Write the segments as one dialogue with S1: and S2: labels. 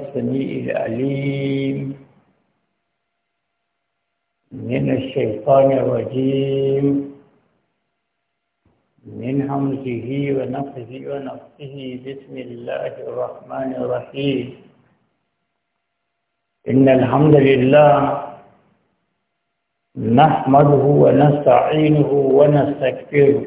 S1: السميع العليم من الشيطان الرجيم من همزه ونفسه ونفسه بسم الله الرحمن الرحيم إن الحمد لله نحمده ونستعينه ونستكبره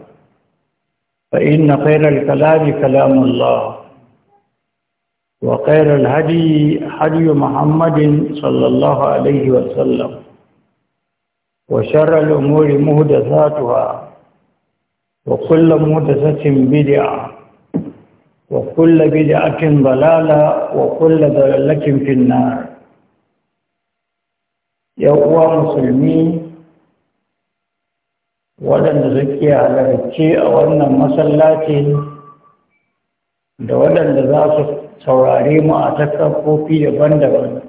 S1: فإن خير الكلام كلام الله وخير الهدي هدي محمد صلى الله عليه وسلم وشر الأمور مهدثاتها وكل مهدثة بدعة وكل بدعة ضلالة وكل ضلالة في النار يا مسلمين waɗanda suke halarci a wannan masallaci da waɗanda za su saurare mu a kofi daban-daban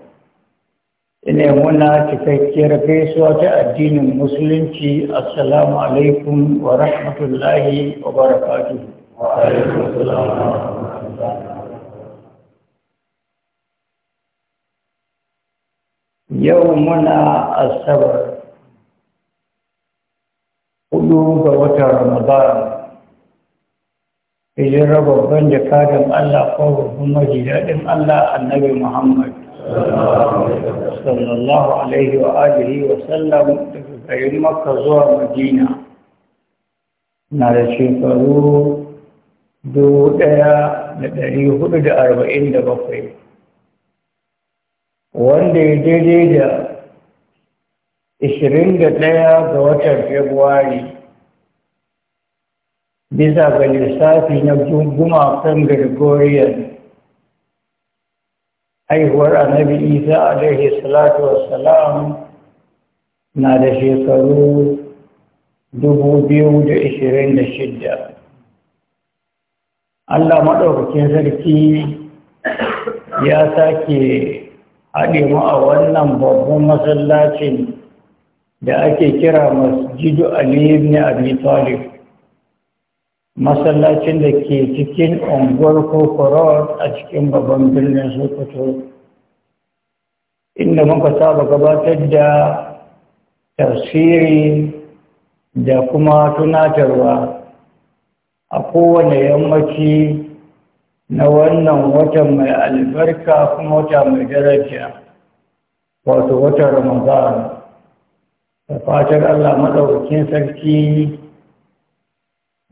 S1: ina muna cikakkiyar gaisuwa ta addinin musulunci assalamu alaikum wa rahmatullahi wa barakatu yau muna asabar hudu ga watan Ramadan. Hijirar babban jakadin Allah ko kuma jidadin Allah annabi Muhammad. Sallallahu Alaihi wa alihi wa sallam daga garin Makka zuwa Madina. Na da shekaru dubu daya da ɗari hudu da arba'in da bakwai. Wanda ya daidai da 21 ga watan Fabrairu bisa ga lissafi na kan gregorian haihuwar annabi isa alaihi salatu wassalam na da shekaru dubu biyu da ishirin allah maɗaukakin sarki ya sake haɗe mu a wannan babban masallacin da ake kira masjidu Aliyu ibn abi talib masallacin da ke cikin unguwar kokoro a cikin babban birnin sokoto inda muka saba gabatar da tafsiri da kuma tunatarwa a kowane yammaci na wannan watan mai albarka kuma wata mai daraja wato watan ramadan da fatar allah maɗaukakin sarki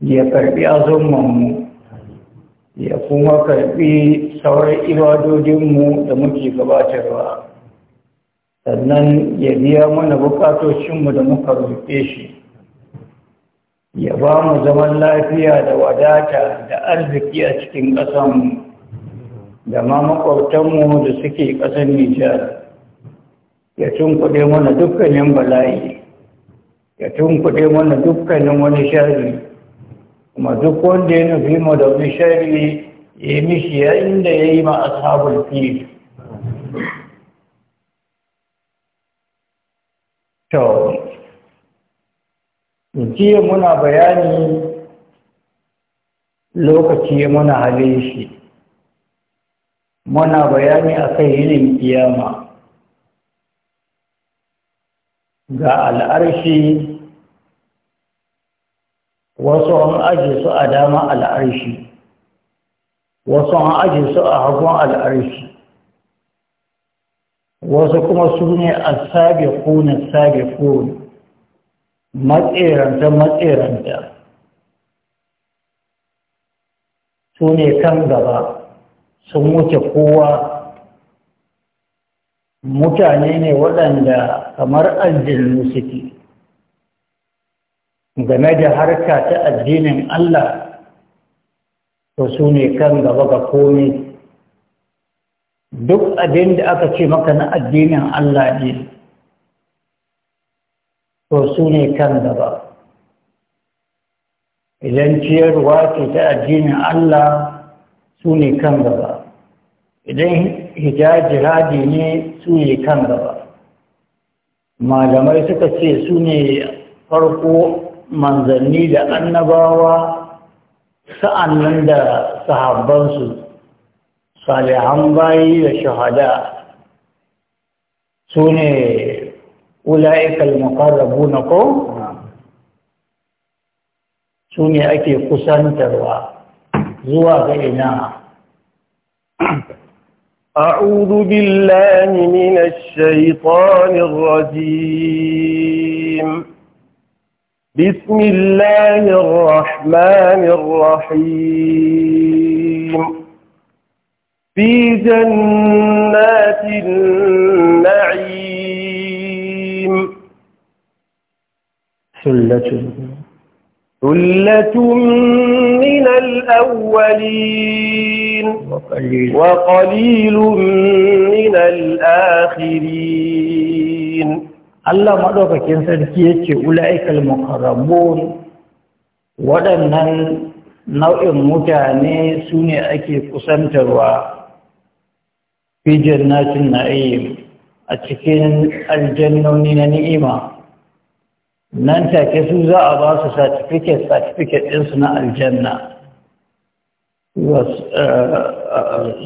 S1: ya karbi azumanmu ya kuma karbi sauran ibadodinmu da muke gabatarwa sannan ya biya mana bukatocinmu da muka rufe shi ya ba mu zaman lafiya da wadata da arziki a cikin ƙasanmu da ma makwabtanmu da suke ƙasar nijar ya tunkuɗe mana dukkanin bala'i ya tunkuɗe mana dukkanin wani shari'a kuma duk wanda ya nufi mu da wani shari'i ya yi mishi ya inda ya yi ma ashabul fili
S2: to jiya muna bayani
S1: lokaci muna halin shi muna bayani a akan yinin kiyama ga al'arshi wasu an aje su a dama al'arshi wasu an aje su a hagun al'arshi wasu kuma su ne a sabe kunan sabe kunan matseranta matseranta su ne kan gaba sun wuce kowa mutane ne waɗanda kamar aljinnu suke game da harka ta addinin Allah to su ne kan gaba ga komi. duk abin da aka ce maka na addinin Allah ne to su ne kan gaba idan ciyarwa ce ta addinin Allah su ne kan gaba idan hijajiradi ne su ne kan gaba malamai suka ce su ne farko manzanni da annabawa sa'annan nan da sahabbansu salihan bayi da shahada su ne ula'ikal makarrabu na ko su ne ake kusantarwa
S2: zuwa ga ina أعوذ بالله من الشيطان الرجيم بسم الله الرحمن الرحيم في جنات النعيم ثلة ثلة من الأولين وقليل, وقليل من الآخرين Allah maɗaukakin
S1: sarki ya ce ula'ikal mukarrabun waɗannan nau'in mutane su ne ake kusantarwa fi jannatin na'im a cikin aljannoni na ni'ima nan take su za a ba su certificate certificate ɗinsu na aljanna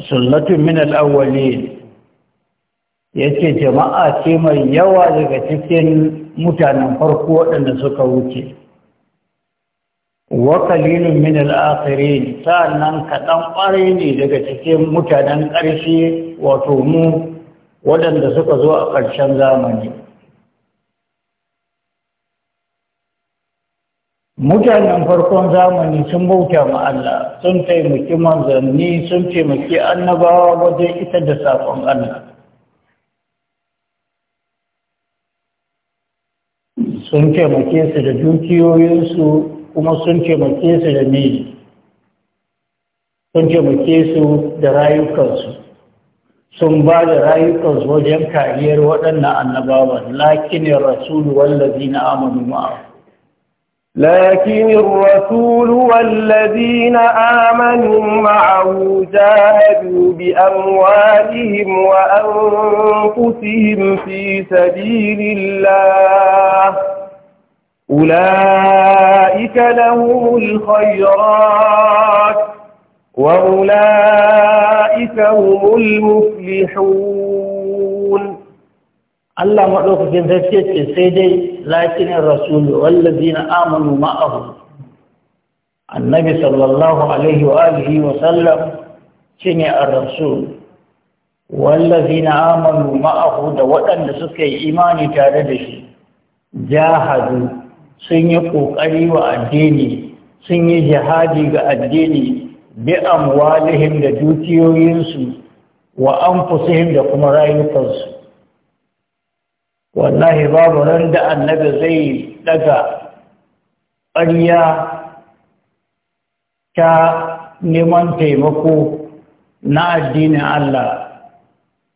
S1: sallatu eh, eh, eh, min al'awwalin ya jama'a ce mai yawa daga cikin mutanen farko waɗanda suka wuce wa kalilun min al'akhirin sa'annan kaɗan ƙwarai ne daga cikin mutanen ƙarshe wato mu waɗanda suka zo a ƙarshen zamani mutanen farkon zamani sun bauta ma Allah sun taimaki manzanni sun taimaki annabawa wajen ita da saƙon Allah sun taimake su da dukiyoyinsu kuma sun taimake su da miji sun taimake su da rayukansu sun ba da rayukansu wajen kariyar waɗannan annabawan lakinin rasulu
S2: wallazi na amonu ma'a لكن الرسول والذين آمنوا معه جاهدوا بأموالهم وأنفسهم في سبيل الله أولئك لهم الخيرات وأولئك هم المفلحون الله في جنزكيك سيدي
S1: لكن الرسول والذين آمنوا معه النبي صلى الله عليه وآله وسلم سمع الرسول والذين آمنوا معه دوتا لسكي إيماني تاردش جاهدوا sun yi ƙoƙari wa addini sun yi jihadi ga addini bi amwalihim da dukiyoyinsu wa anfusihim da kuma rayukansu wallahi babu ran da annabi zai daga ƙarya ta neman taimako na addinin Allah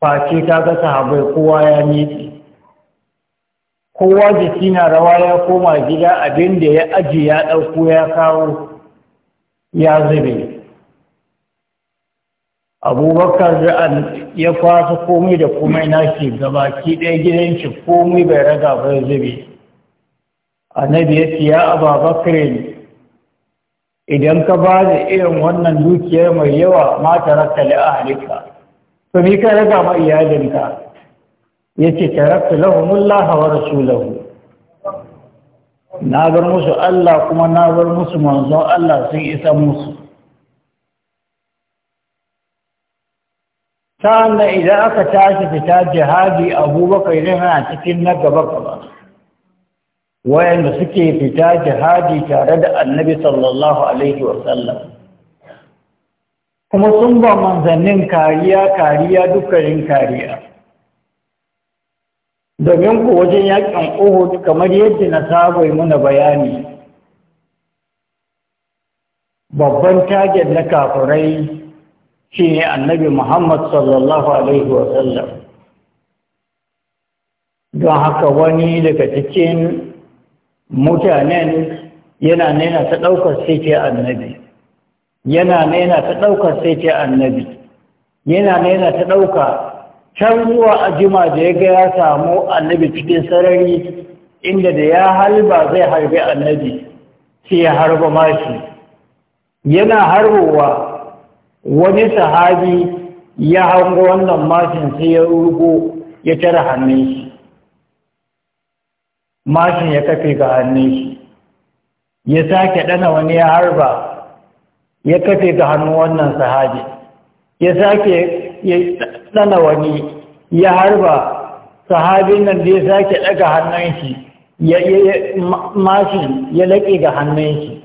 S1: face ta ga sahabai kowa ya miƙe kowa jiki na rawa ya koma gida abin da ya aji ya ɗauko ya kawo ya zube abubakar ya kwasa komai da komai gaba gabaki ɗaya gidan shi komai bai raga bai zube annabi ya ce ya ababakar idan ka ba da irin wannan dukiyar mai yawa mata raka da ahalika to ni ka raga ma iyalinka yace taraktu lahumullaha wa rasulahu na bar musu Allah kuma na bar musu manzon Allah sun isa musu sa'an idan aka tashi fita jihadi abubakar yana cikin na gaba gaba wayanda suke fita jihadi tare da annabi sallallahu alaihi sallam. kuma sun ba manzannin kariya kariya dukkanin kariya domin ku wajen yakin uhud kamar yadda na saba muna bayani babban target na kafirai shine annabi muhammad sallallahu alaihi wasallam don haka wani daga cikin mutanen yana nena ta ɗaukar sai ce annabi yana nena ta ɗaukar sai ce annabi yana nena ta ɗauka can zuwa jima da ya ga ya samu annabi cikin sarari inda da ya halba zai harbi annabi sai ya harba mashi yana harbowa wani sahabi ya hango wannan mashin sai ya rugo ya tara hannun shi mashin ya kafe ga hannun shi ya sake dana wani ya harba ya kafe ga hannun wannan sahabi ya sake ɗana wani ya harba sahabin nan da ya sake ɗaga hannun shi ya mashin ya laƙe ga hannun shi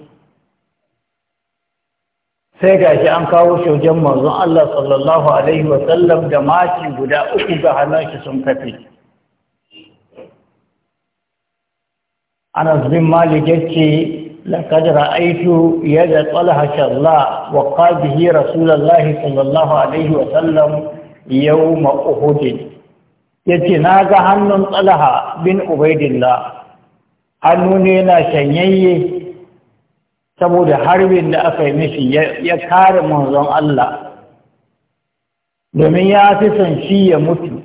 S1: sai ga shi an kawo shaujen mazun Allah sallallahu Alaihi wasallam da mashin guda uku ga hannun shi sun kafe anas bin malik yace لقد رأيت يد طلحة الله wa به رسول الله صلى الله عليه وسلم yau ma'uhudin ya ce na ga hannun tsalaha bin ubaidillah hannu ne na shanyayye saboda harbin da aka yi mishi ya kare manzon Allah domin ya fi son shi ya mutu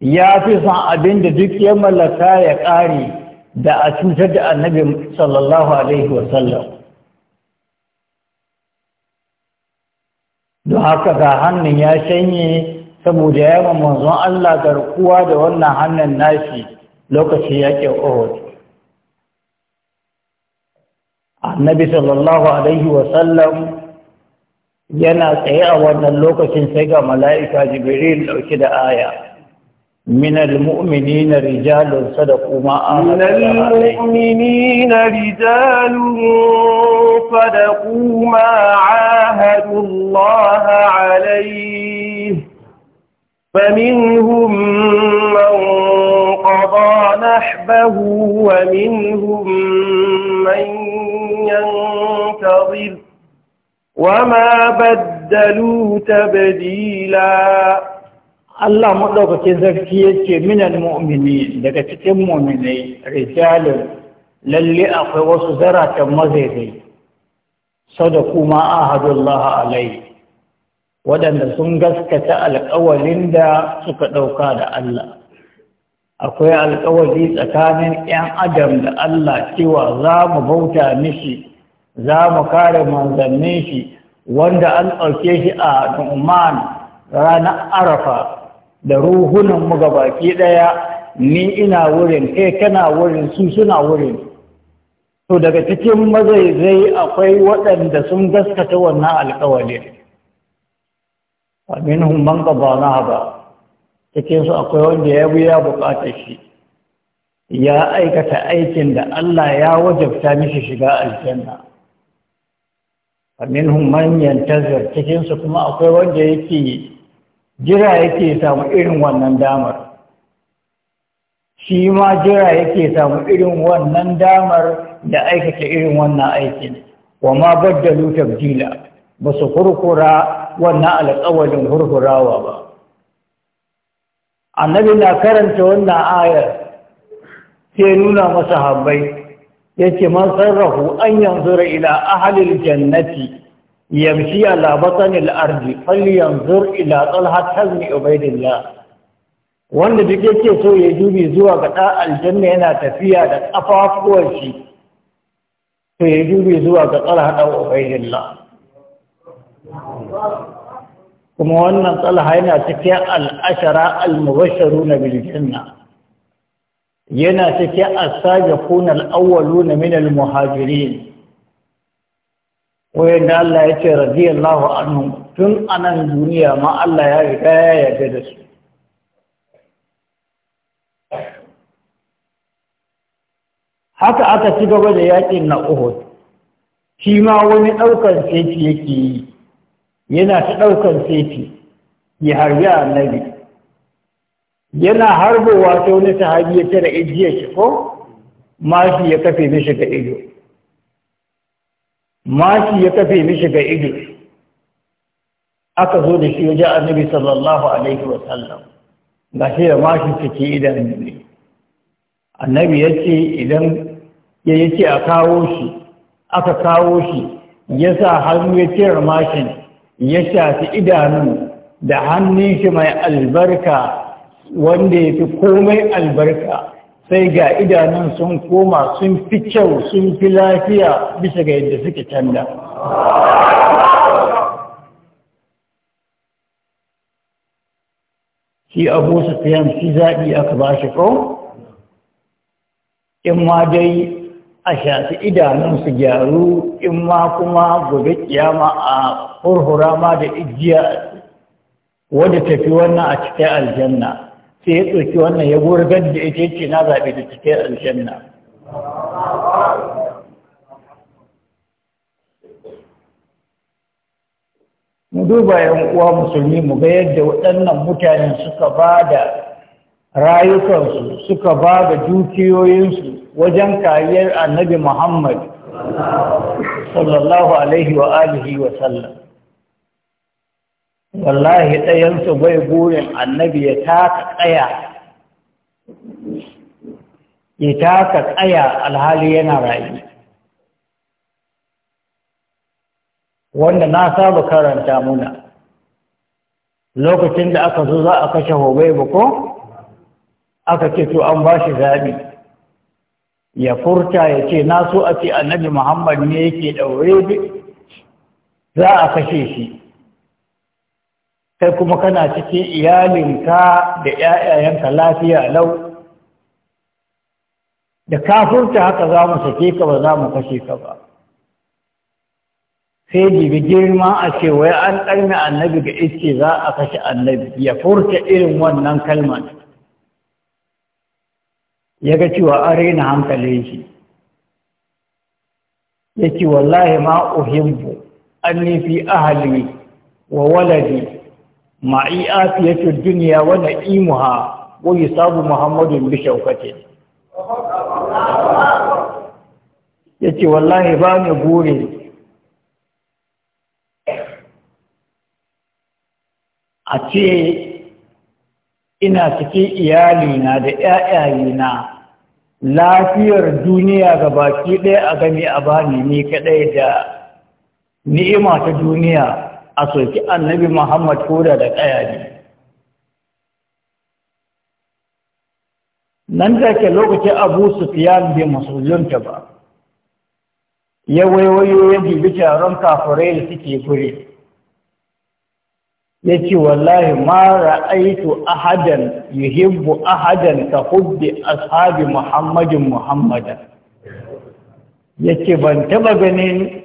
S1: ya fi son abin da duk ya mallaka ya ƙare da a cutar da annabi sallallahu alaihi wasallam don haka ga hannun ya shanye saboda yawan manzon Allah garkuwa da wannan hannun nashi lokacin yaƙin Uhud annabi sallallahu alaihi wasallam yana tsaye a wannan lokacin sai ga mala'ika jibril ɗauki da aya من المؤمنين رجال صدقوا ما عاهدوا من
S2: المؤمنين رجال صدقوا ما عاهدوا الله عليه فمنهم من قضى نحبه ومنهم من ينتظر وما بدلوا تبديلاً
S1: Allah maɗaukacin sarki ya ce minan mu'mini daga cikin mu'minai rijalun lalle akwai wasu zaratan mazaidai kuma a ahadullah alai waɗanda sun gaskata alƙawalin da suka ɗauka da Allah akwai alƙawari tsakanin 'yan adam da Allah cewa za mu bauta mishi za mu kare manzannin shi wanda an ɗauke shi a nu'man ranar arafa da ruhunan mu ga baki daya ni ina wurin kai kana wurin su suna wurin to daga cikin mazaizai akwai waɗanda sun gaskata wannan alƙawari minhum man na ba cikin su akwai wanda ya biya bukatar shi ya aikata aikin da Allah ya wajabta mishi shiga aljanna minhum man yantazir cikin su kuma akwai wanda yake jira yake samu irin wannan damar shi ma jira yake samu irin wannan damar da aikata irin wannan aikin wa ma baddalu tabdila ba su hurhura wannan alƙawalin hurhurawa ba annabi na karanta wannan ayar sai nuna masa habbai yake man sarrahu an yanzura ila ahalil jannati yamshi ala batnil ardi falyanzur ila talha tazni ubaidillah wanda duk yake so ya dubi zuwa ga da aljanna yana tafiya da kafafuwan shi to ya dubi zuwa ga talha da kuma wannan tsalha yana cikin al'ashara al-mubashsharuna bil janna yana cikin as-sabiquna al-awwaluna min al-muhajirin Wai da Allah ya ce radiyallahu anhu tun anan duniya ma Allah ya riga ya yarda da su haka aka ci gaba da yakin na Uhud shi ma wani ɗaukar sefi yake yi yana ta ɗaukar sefi ya harbi annabi yana harbowa ta wani sahabi ya tara ijiyar shi ko mashi ya kafe mishi ga ido mashi ya kafe mishi ga ido aka zo da shi waje annabi sallallahu alaihi wa sallam ga shi da mashi cike idan ne annabi ya ce idan ya yi ce a kawo shi aka kawo shi ya sa hannu ya cire mashin ya shafi idanu da hannun shi mai albarka wanda ya fi komai albarka sai ga idanun sun koma sun fi kyau sun fi lafiya bisa ga yadda suke canza shi abu su fiye shi zaɓi aka ba shi ko in ma dai a shafi idanun su gyaru in ma kuma gobe kiyama a hurhura ma da igiya wadda tafi wannan a cikin aljanna sai ya tsoki wannan ya gurgar da ya ce na zaɓe da cikin nan. mu duba yan uwa musulmi mu ga yadda waɗannan mutane suka ba da rayukansu suka ba da dukiyoyinsu wajen kariyar annabi muhammad sallallahu alaihi wa alihi wa sallam wallahi ɗayansu bai burin annabi ya taka tsaya ya taka tsaya alhali yana rayu wanda na saba karanta muna lokacin da aka zo za a kashe ba ko aka ce to an ba shi zaɓi ya furta ya ce na so a ce annabi muhammad ne yake ɗaure za a kashe shi kai kuma kana cikin iyalinka da ‘ya'yayenka lafiya lau da kafurta haka za mu sake ka ba za mu kashe ka ba sai jibi girma a ce wai an ƙarni annabi ga iske za a kashe annabi ya furta irin wannan kalmar ya ga cewa an raina hankalin shi ya ce wallahi ma uhimbu an nufi ahali wa waladi ma'i duniya dunya wa na'imuha wani sabu muhammadun bi Ya ce, wallahi ba ni gure a ce ina cikin iyalina da ƴaƴayena lafiyar duniya ga baki ɗaya a gani a bani ni kaɗai da ni'ima ta duniya a soki annabi Muhammad koda da ƙaya ne. Nan da ke lokacin Abu Sufyan bai musulunta ba, ya waiwayo ya bibi taron kafirai da suke guri. Ya ce, Wallahi, ma ra'aitu ahadan yuhibbu ahadan ka hubbi ashabi Muhammadin Muhammadan.
S2: Ya ce, Ban
S1: taba ganin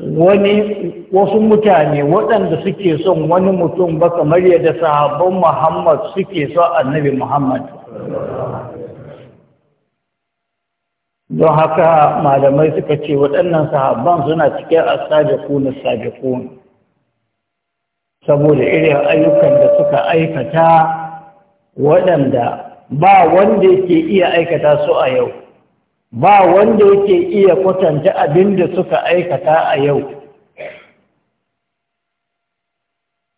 S1: wani wasu mutane waɗanda suke son wani mutum ba kamar yadda sahabban Muhammad suke son annabi Muhammad. Don haka malamai suka ce waɗannan sahabban suna cikin asajakun asajakun saboda irin ayyukan da suka aikata waɗanda ba wanda yake iya aikata su a yau. ba wanda yake iya kwatanta abin da suka aikata a yau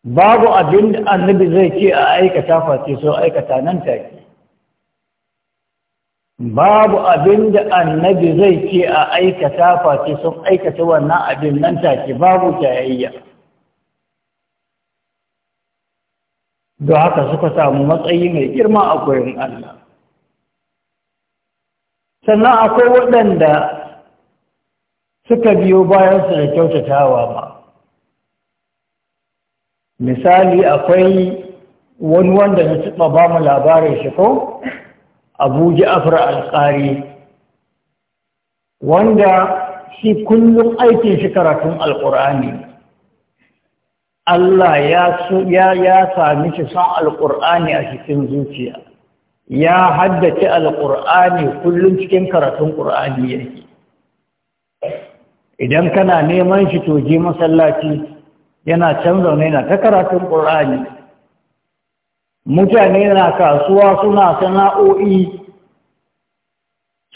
S1: babu abin da annabi zai ce a aikata face so aikata nan take babu abin da annabi zai ce a aikata face sun aikata wannan abin nan take babu jayayya don haka suka samu matsayi mai girma a gurin Allah sannan akwai waɗanda suka biyo bayansu da kyautatawa ma misali akwai wani wanda na taɓa ba mu labarin shi ko Abuja, Afra, alƙari wanda shi kullum aikin shi karatun alƙur'ani Allah ya sami shi son alƙur'ani a cikin zuciya ya haddace alƙur'ani kullum cikin karatun ƙur'ani yake idan kana neman shi je masallaci yana canza zaune na ta karatun ƙur'ani mutane na kasuwa suna sana'o'i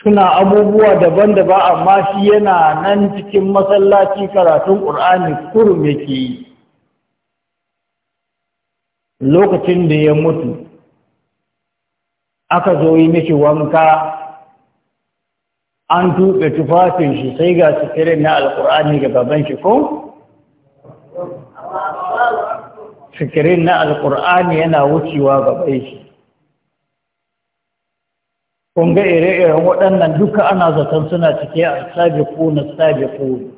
S1: suna abubuwa daban-daban amma shi yana nan cikin masallaci karatun ƙur'ani kurum yake yi lokacin da ya mutu aka zo yi miki wanka an tuɓe tufafin shi sai ga sifirin na alƙur'ani ga baban shi ko? sifirin na alƙur'ani yana wucewa gaban shi kun ga ire-iren waɗannan duka ana zaton suna cike a sabiku na sabiku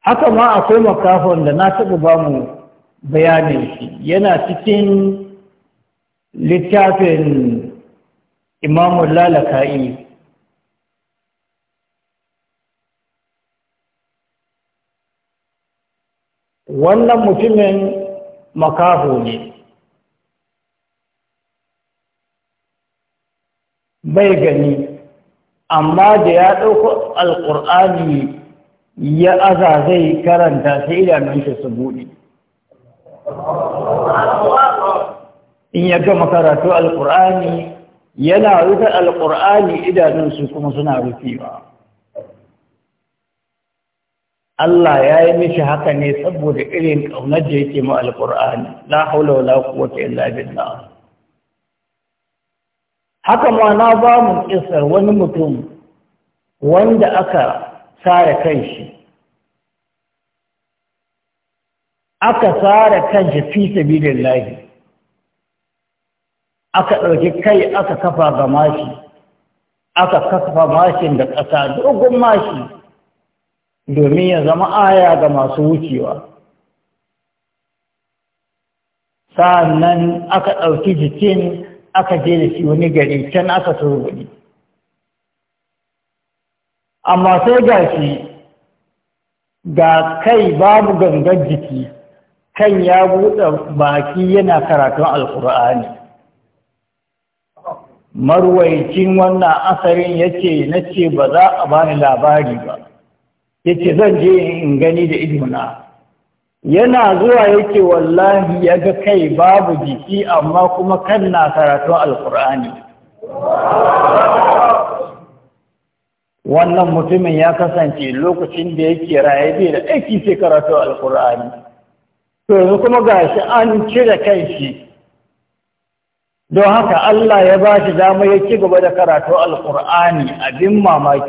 S1: haka ma akwai makafon da na taɓa ba mu bayanin shi yana cikin littafin imamun lalaka'i wannan mutumin makaho ne bai gani amma da ya ɗauko alƙur'ani ya aza zai karanta sai idanunshi su buɗe
S2: in ya gama karatu
S1: alƙur'ani yana rufe alƙur'ani idanunsu kuma suna rufewa Allah ya yi mishi haka ne saboda irin ƙaunar da yake ma alƙur'ani la haula wala quwwata illa billah haka ma na ba mu kisar wani mutum wanda aka sare kanshi aka sare kanshi fi sabilillahi aka ɗauki kai aka kafa ga mashi aka kafa mashin da ƙasa dogon mashi domin ya zama aya ga masu wucewa sa'annan aka ɗauki jikin aka je da shi wani gari can aka turgudi amma sai ga shi ga kai babu gangar jiki kan ya buɗe baki yana karatun Alƙur'ani. marwaicin wannan asarin na ce ba za a bani labari ba yace zan je in gani da ilmuna. yana zuwa yake wallahi ya ga kai babu jiki amma kuma kan na karatun alkur'ani wannan mutumin ya kasance lokacin da yake raye bai da aiki sai karatun alkur'ani to yanzu kuma gashi an cire kai shi don haka Allah ya ba shi dama ya ci gaba da karatu alƙur'ani abin mamaki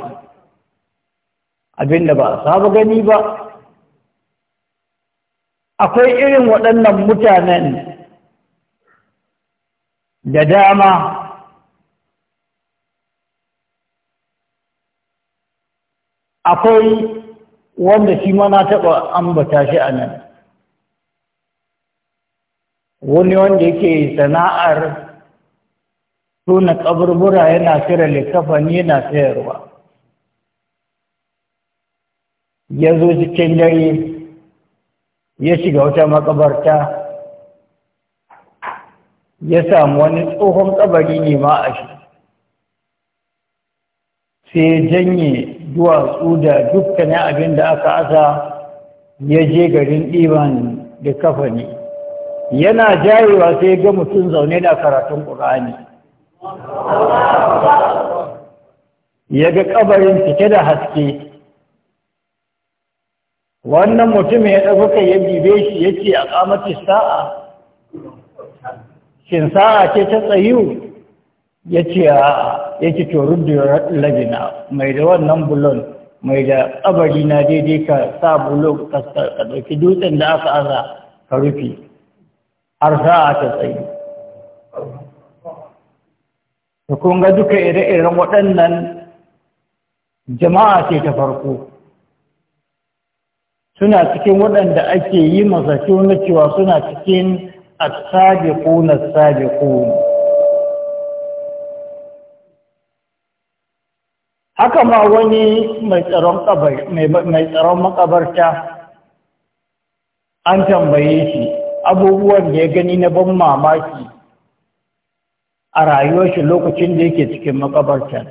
S1: abinda ba a saba gani ba akwai irin waɗannan mutanen da dama akwai wanda shi ma na taɓa ambata shi a nan wani wanda yake sana'ar tona kaburbura yana cire likafani yana sayarwa ya zo cikin dare ya shiga wata makabarta ya samu wani tsohon kabari ne ma a shi sai janye duwatsu da dukkanin abin da aka asa ya je garin ɗiban da kafa yana jayewa sai ga mutum zaune da karatun ƙur'ani ya ga ƙabarin cike da haske wannan mutum ya ɗaukaka ya bibe shi ya ce a ƙamati sa'a shin sa'a ce ta tsayu ya ce a ya ce to da labina mai da wannan bulon mai da ƙabari na daidai ka sa bulon ka ɗauki dutsen da aka aza ka rufe har sa'a ta tsayu da kun ga duka ire-iren waɗannan jama'a ce ta farko suna cikin waɗanda ake yi masashi na cewa suna cikin asabiku na sabiku haka ma wani mai tsaron makabarta an tambaye shi abubuwan da ya gani na ban mamaki a rayuwar shi lokacin da yake cikin makabarta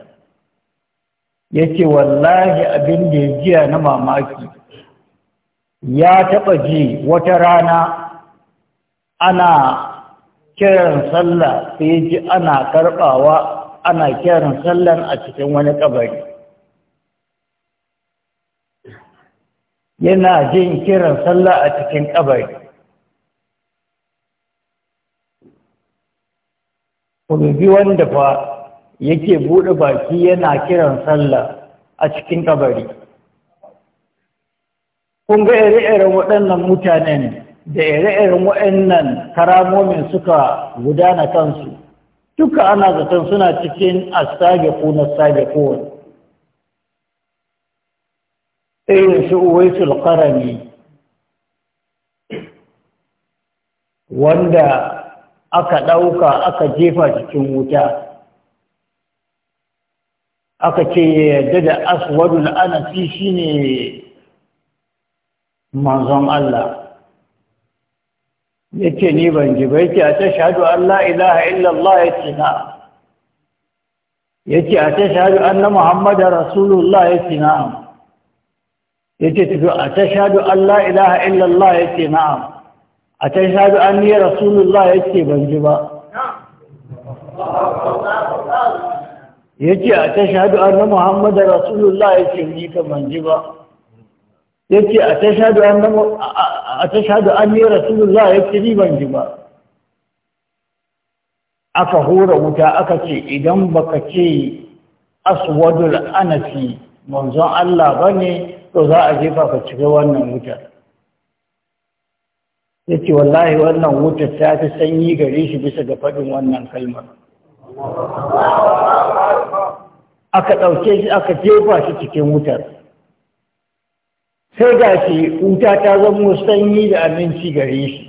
S1: ya ce wallahi abin da ya jiya na mamaki ya taɓa ji wata rana ana kiran sallah sai ji ana karɓawa ana kiran sallan a cikin wani ƙabari. yana jin kiran sallah a cikin ƙabari. kuma bi wanda fa yake buɗe baki yana kiran sallah a cikin kabari kun ga ire-iren waɗannan mutanen da ire-iren waɗannan karamomin suka gudana kansu duka ana zaton suna cikin astage na sage kowane irin su uwaisul karami wanda aka ɗauka aka jefa cikin wuta aka ce yadda da aswadul anafi ne. manzon Allah Ya ce ni ban ji ba yace a tashhadu an la ilaha illallah yace na yace a tashhadu anna muhammadar rasulullah ya yace na yace to a tashhadu an la ilaha illallah yace na'am
S2: a can shahadu an ni rasulullah ya ce ban
S1: ji ba ya ce a an na muhammadu rasulullah ya ce ni ka ban ji ba ya ce a an rasulullah ya ce ni ban ji ba aka hura wuta aka ce idan baka ce aswadul anafi, manzon Allah ba ne to za a jefa ka cika wannan wutar ya ce wallahi wannan wutar ta fi sanyi gare shi bisa ga faɗin wannan kalmar aka ɗauke shi aka jefa shi cikin wutar sai ga shi wuta ta zama sanyi da aminci gare shi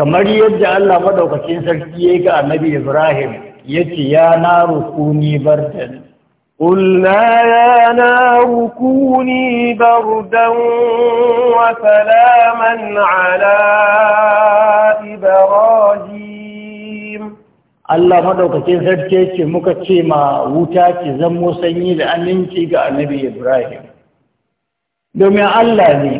S1: kamar yadda Allah maɗaukacin sarki ya yi ga annabi Ibrahim ya ce
S2: ya na rukuni bardan قلنا يا نار كوني بردا وسلاما على إبراهيم
S1: الله مدوكتين زرتك مكتشيما وتاك زمو سنيل أمنتي النبي إبراهيم domin Allah ne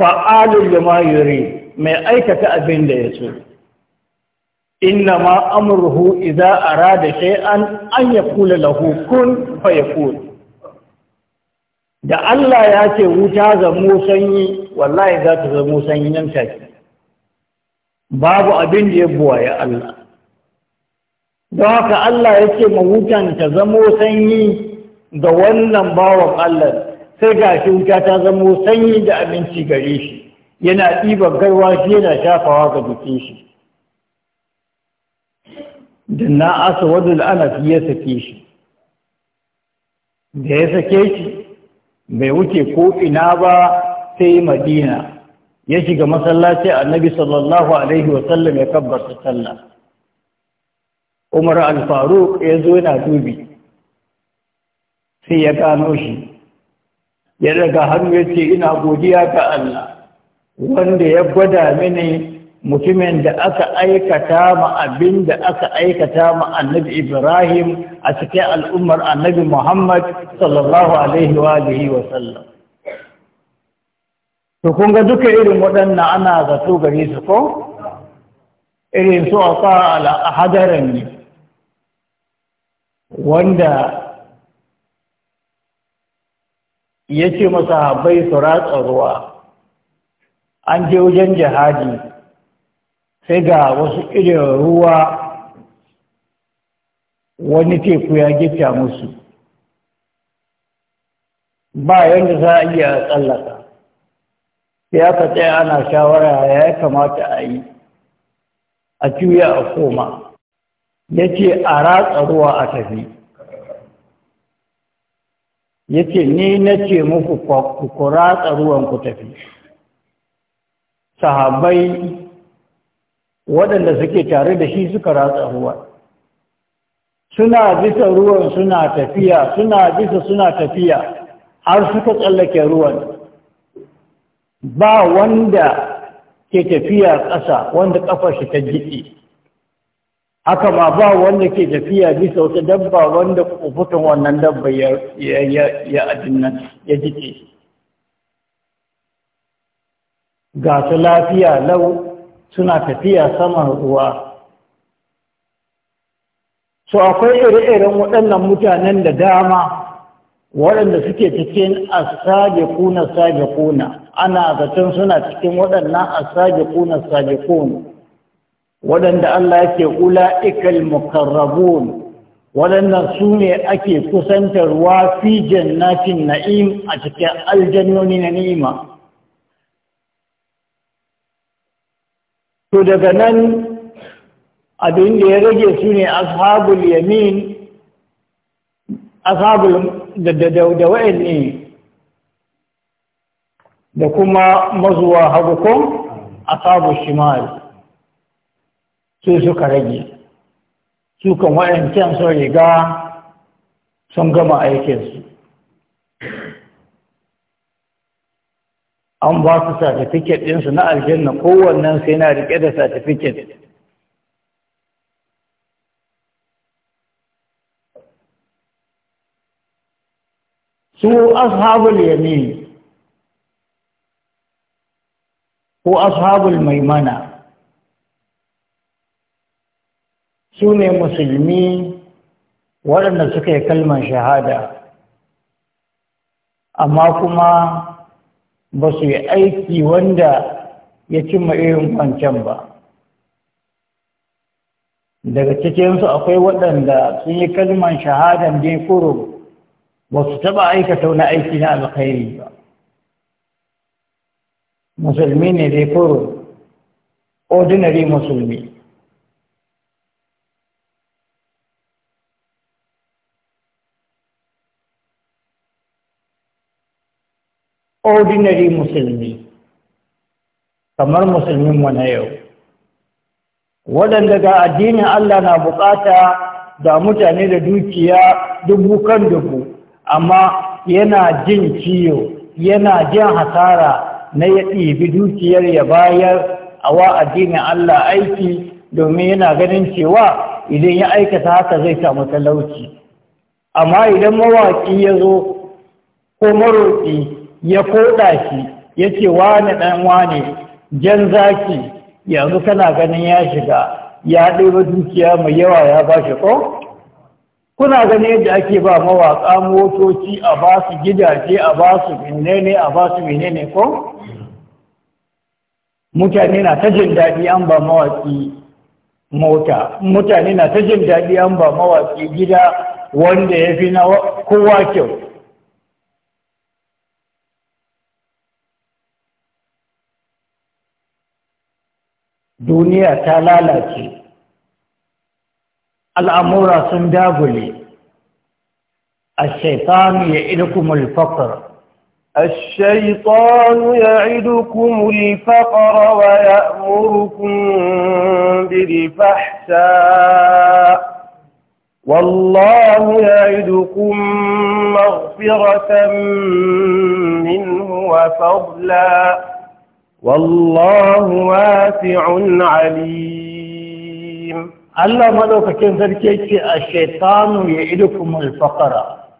S1: fa'alun da mayuri mai aikata abin da ya so inna ma amurhu idza arada shay'an an yaqula lahu kun fayakun da Allah ya ce wuta zamo sanyi wallahi za ta zamo sanyi nan take babu abin da ya buwaye Allah don haka Allah ya ce ma wutan ta zamo sanyi ga wannan bawan Allah sai ga shi wuta ta zamo sanyi da abinci gare shi yana ɗiban garwa shi yana shafawa ga jikin shi asa aswadul anaf ya sake shi da ya sake shi bai wuce ko ina ba sai madina ya shiga masallaci annabi sallallahu alaihi wasallam ya kabbata sallah umar al-faruq ya zo yana dubi sai ya gano shi ya daga hannu ya ce ina godiya ga Allah wanda ya gwada mini mutumin da aka aikata ma abin da aka aikata ma annabi Ibrahim a cikin al'ummar annabi Muhammad sallallahu Alaihi wa wa sallam. To kun ga duka irin waɗannan ana zato gare su ko? Irin su a ala a hadarin ne, wanda ya ce masa habai su ratsa ruwa, an je wajen jihadi sai ga wasu irin ruwa wani teku ya gita musu ba yadda za a iya tsallaka sai aka tsaye ana shawara ya kamata a yi a juya a koma ya ce a ratsa ruwa a tafi ya ce ni na ce muku ku ratsa ruwan ku tafi sahabai waɗanda suke tare da shi suka ratsa ruwa suna bisa ruwan suna tafiya suna bisa suna tafiya har suka tsallake ruwan ba wanda ke tafiya ƙasa wanda ƙafar shi ta jiɗi haka ma ba wanda ke tafiya bisa wata dabba wanda kufutan wannan dabba ya adinnan ya jiɗi ga su lafiya lau suna tafiya saman ruwa so akwai ire-iren waɗannan mutanen da dama waɗanda suke cikin a Sage kuna sage kuna ana zaton suna cikin waɗannan a Sage kuna sage kuna waɗanda Allah yake ula ikal mukarrabun waɗannan su ne ake kusantarwa fi jannatin na'im a cikin aljannoni na ni'ima to daga nan abin da ya rage su ne ashabul yamin ashabul da wa'in ne da kuma mazuwa hagukun ashabul shimal su suka rage su kan wa'in can sun riga sun gama aikinsu an ba su certificate ɗinsu na aljanna kowannen sai na riƙe da satifiket. su ashabul yamin ko ashabul maimana su ne musulmi waɗanda suka yi kalmar shahada amma kuma ba su yi aiki wanda ya cimma irin kwancan ba daga cikinsu akwai waɗanda sun yi kalman shahadan dai kuro ba su taɓa aikata wani aiki na alkhairi ba musulmi ne dai kuro ordinary musulmi ordinary musulmi kamar musulmin mu na yau waɗanda ga addinin Allah na bukata da mutane da dukiya dubu kan dubu amma yana jin ciyo yana jin hasara na ya ɗibi dukiyar ya bayar a wa addinin Allah aiki domin yana ganin cewa idan ya aikata haka zai samu talauci amma idan mawaƙi ya zo ko maroƙi ya koɗa shi ya ce wani ɗan wane jan zaki yanzu kana ganin ya shiga ya ɗaiba dukiya mai yawa ya ba shi ko oh. kuna ganin yadda ake ba mawaƙa motoci a ba su gidaje a ba su menene a ba su menene ko mutane na ta jin daɗi an ba mawaƙi mota mutane na ta jin daɗi an ba mawaƙi gida wanda ya fi na kowa kyau duniya ta lalace al'amura sun dagule الشيطان يعدكم الفقر
S2: الشيطان يعدكم الفقر ويأمركم بالفحشاء والله يعدكم مغفرة منه وفضلا wallahu wasi'un alim Allah madaukakin sarki yake
S1: a shaitanu ya idukum al-faqara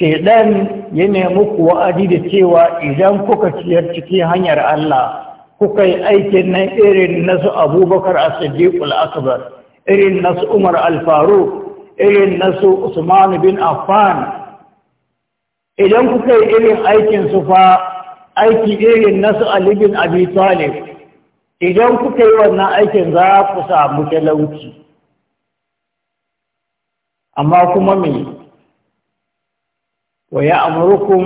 S1: shaidan ya nemi da cewa idan kuka ciyar ciki hanyar Allah kuka yi aikin nan irin nasu abubakar a siddiqul akbar irin nasu umar al faruq irin nasu usman bin affan idan kuka yi irin aikin su fa aiki irin nasu alibin abi talib idan kuka yi wannan aikin za ku samu talauci amma kuma me wa ya amurkun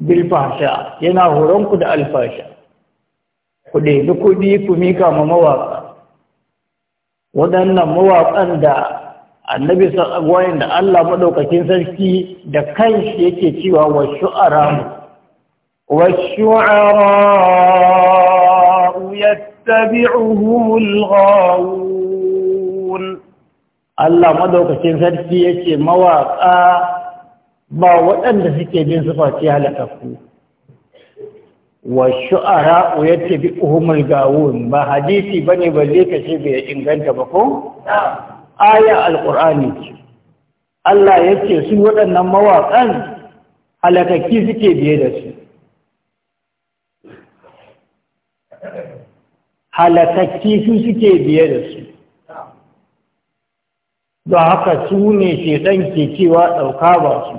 S1: bilfasha yana horon ku da alfasha ku ɗebi kuɗi ku mika ma mawaƙa waɗannan mawaƙan da annabi wayan da Allah maɗaukakin sarki da kanshi yake cewa wa shu'ara
S2: والشعراء يتبعهم الغاوون
S1: Allah madaukakin sarki yake mawaƙa ba waɗanda suke bin su face halakakku wa shu'ara ya tabi uhumul gawun ba hadisi bane ba zai kace bai inganta ba ko aya alqur'ani ce Allah yake su waɗannan mawaƙan halakaki suke biye da su halakakki su suke biye da su don haka su ne shedan ke cewa ɗauka ba su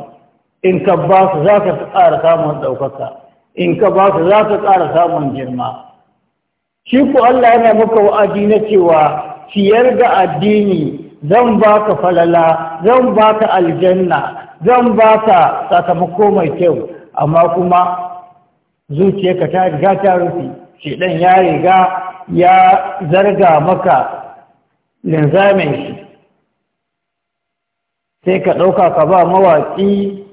S1: in ka ba su za ka ƙara samun ɗaukaka in ka ba su za ka ƙara samun girma shi ku Allah yana muka wa'adi na cewa ciyar da addini zan baka falala zan baka aljanna zan baka sakamako mai kyau amma kuma zuciyarka ta riga ta rufe ɗan ya riga ya zarga maka linzamin shi sai ka ɗauka ka ba mawaƙi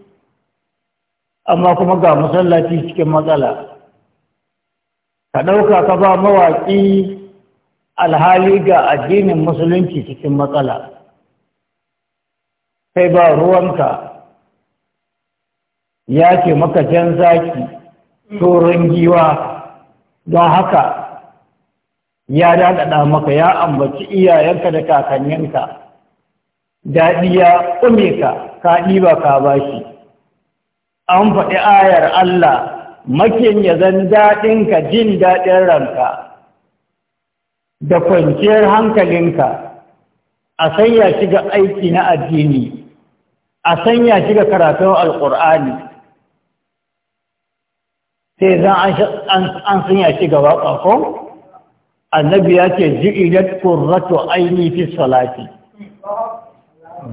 S1: amma kuma ga masallaci cikin matsala ka ɗauka ka ba mawaƙi alhali ga addinin musulunci cikin matsala kai ba ruwanka ya ce maka jan zaki turin giwa don haka ya daɗaɗa maka ya ambaci iyayenka da kakanninka daɗi ya ƙume ka ka ɗiba ka bashi an faɗi ayar Allah makin ya zan daɗinka jin daɗin ranka da kwanciyar hankalinka a sanya shi aiki na addini a sanya shi ga karatun alƙur'ani sai zan an sanya shi ga waƙa annabi ya ce idan qurratu aini fi salati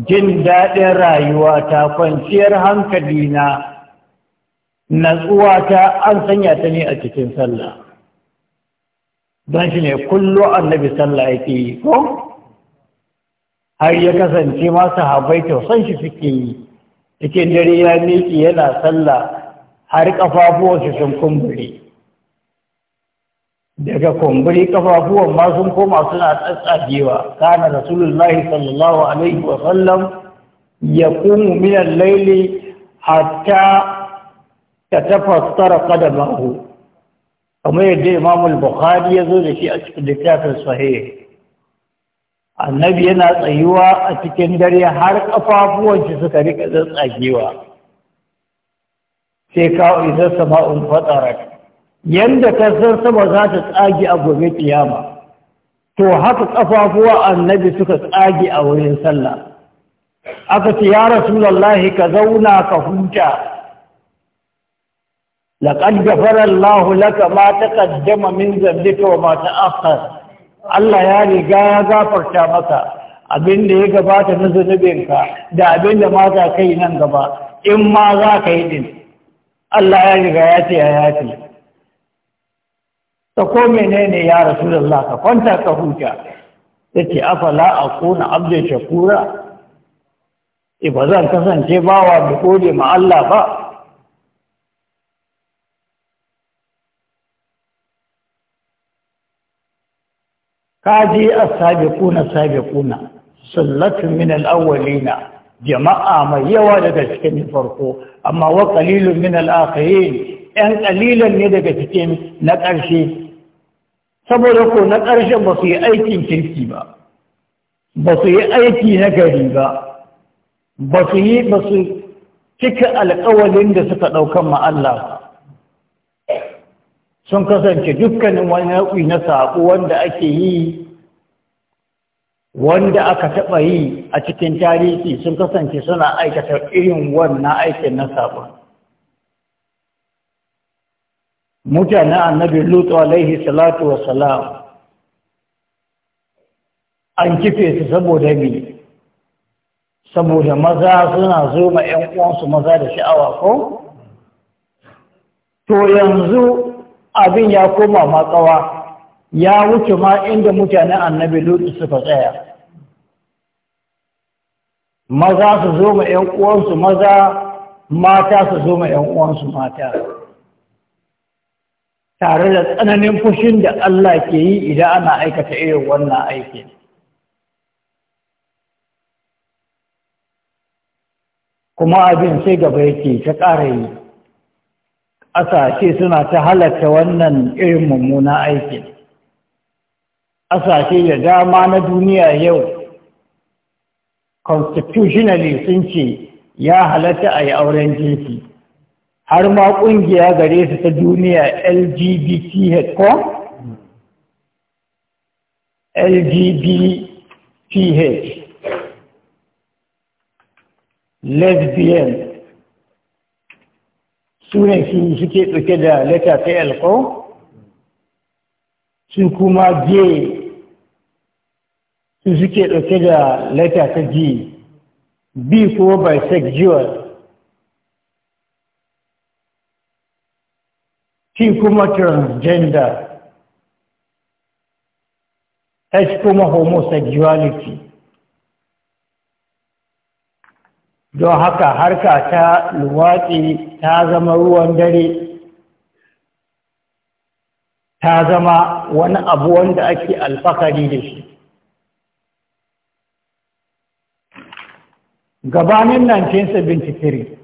S1: jin daɗin rayuwa ta kwanciyar hankali na natsuwa ta an sanya ta ne a cikin sallah don shi ne kullo annabi sallah ke yi ko har ya kasance masu habai san shi suke yi cikin dare ya miƙe yana sallah har su sun kumbure daga kumburi kafafuwan ma sun koma suna tsatsagewa kana rasulullahi sallallahu alaihi wa sallam yaqumu min al laili hatta tatafassara qadamahu kamar yadda Imam al-Bukhari ya zo da shi a cikin littafin sahih annabi yana tsayuwa a cikin dare har kafafuwan shi suka rika tsatsagewa sai ka idan sama'un fatarat yanda san sama za ta tsage a gobe kiyama to haka ƙafafuwa annabi suka tsage a wurin sallah aka ce ya lallahi ka zauna ka huta لقد غفر الله لك ما min من wa mata تأخر Allah ya riga ya gafarta maka abin da ya gabata na zunubinka da abin da ma za ka nan gaba in ma za ka yi din Allah ya riga ya ce ya yafi ta ko menene ya rasu da rasulullah ka kwanta ka huta yace afala akuna abdu shakura e ba zan kasance bawa da gode ma Allah ba kaji kuna sabiquna kuna, sallatu min al-awwalina jama'a mai yawa daga cikin farko amma wa qalilun min al-akhirin ‘yan ƙalilan ne daga cikin na ƙarshe, saboda ko na ƙarshen ba su yi aikin kirki ba, ba su yi aiki na gari ba, ba su yi ba su cika alƙawalin da suka ɗaukan ma'alla ba. Sun kasance dukkanin wani nau'i na saƙo wanda ake yi, wanda aka taɓa yi a cikin tarihi sun kasance suna aikata irin wannan aikin na saƙon. mutanen annabi lutu alaihi salatu wa salam an kife su saboda mi saboda maza suna zo ma 'yan uwansu maza da sha'awa ko to yanzu abin ya koma matsawa ya wuce ma inda mutanen annabi lutu suka tsaya maza su zo ma 'yan uwansu maza mata su zo ma 'yan uwansu mata tare da tsananin fushin da Allah ke yi idan ana aikata irin wannan aiki kuma abin sai gaba yake ta ƙara yi ƙasashe suna ta halatta wannan irin mummuna aiki ƙasashe da dama na duniya yau constitutionally sun ce ya halatta a yi auren jinsi har ma ƙungiya gare su ta duniya lgbt ko lgbth lesbian sune su suke tsoke da leta ta alko su kuma G su suke tsoke da leta ta g b ko bisexual shi kuma transgender h kuma homosexuality don haka harka ta luwaƙi ta zama ruwan dare ta zama wani abu wanda ake alfakari da shi gabanin 1973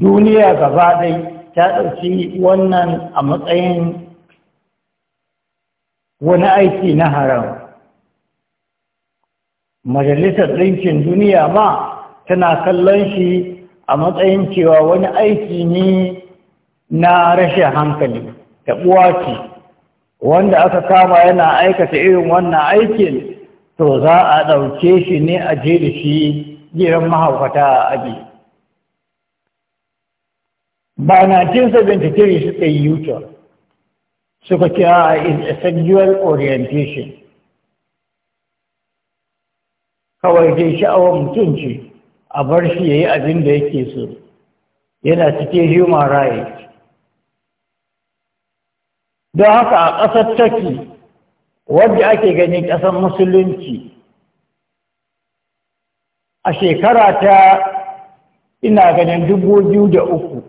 S1: duniya gaba ɗai ta ɗauki wannan a matsayin wani aiki na haram majalisar ɗinkin duniya ma tana kallon shi a matsayin cewa wani aiki ne na rashin hankali Ta ce wanda aka kama yana aikata irin wannan aikin to za a ɗauke shi ne a je da shi gidan mahaukata a aji ba 1973 suka yi yutar suka kira a ah, is a sexual orientation kawai dai sha'awar mutum ce a bar shi ya yi abin da yake so yana cike human rights don haka a ƙasar taki wadda ake ganin ƙasar musulunci a shekara ta ina ganin dubu biyu da uku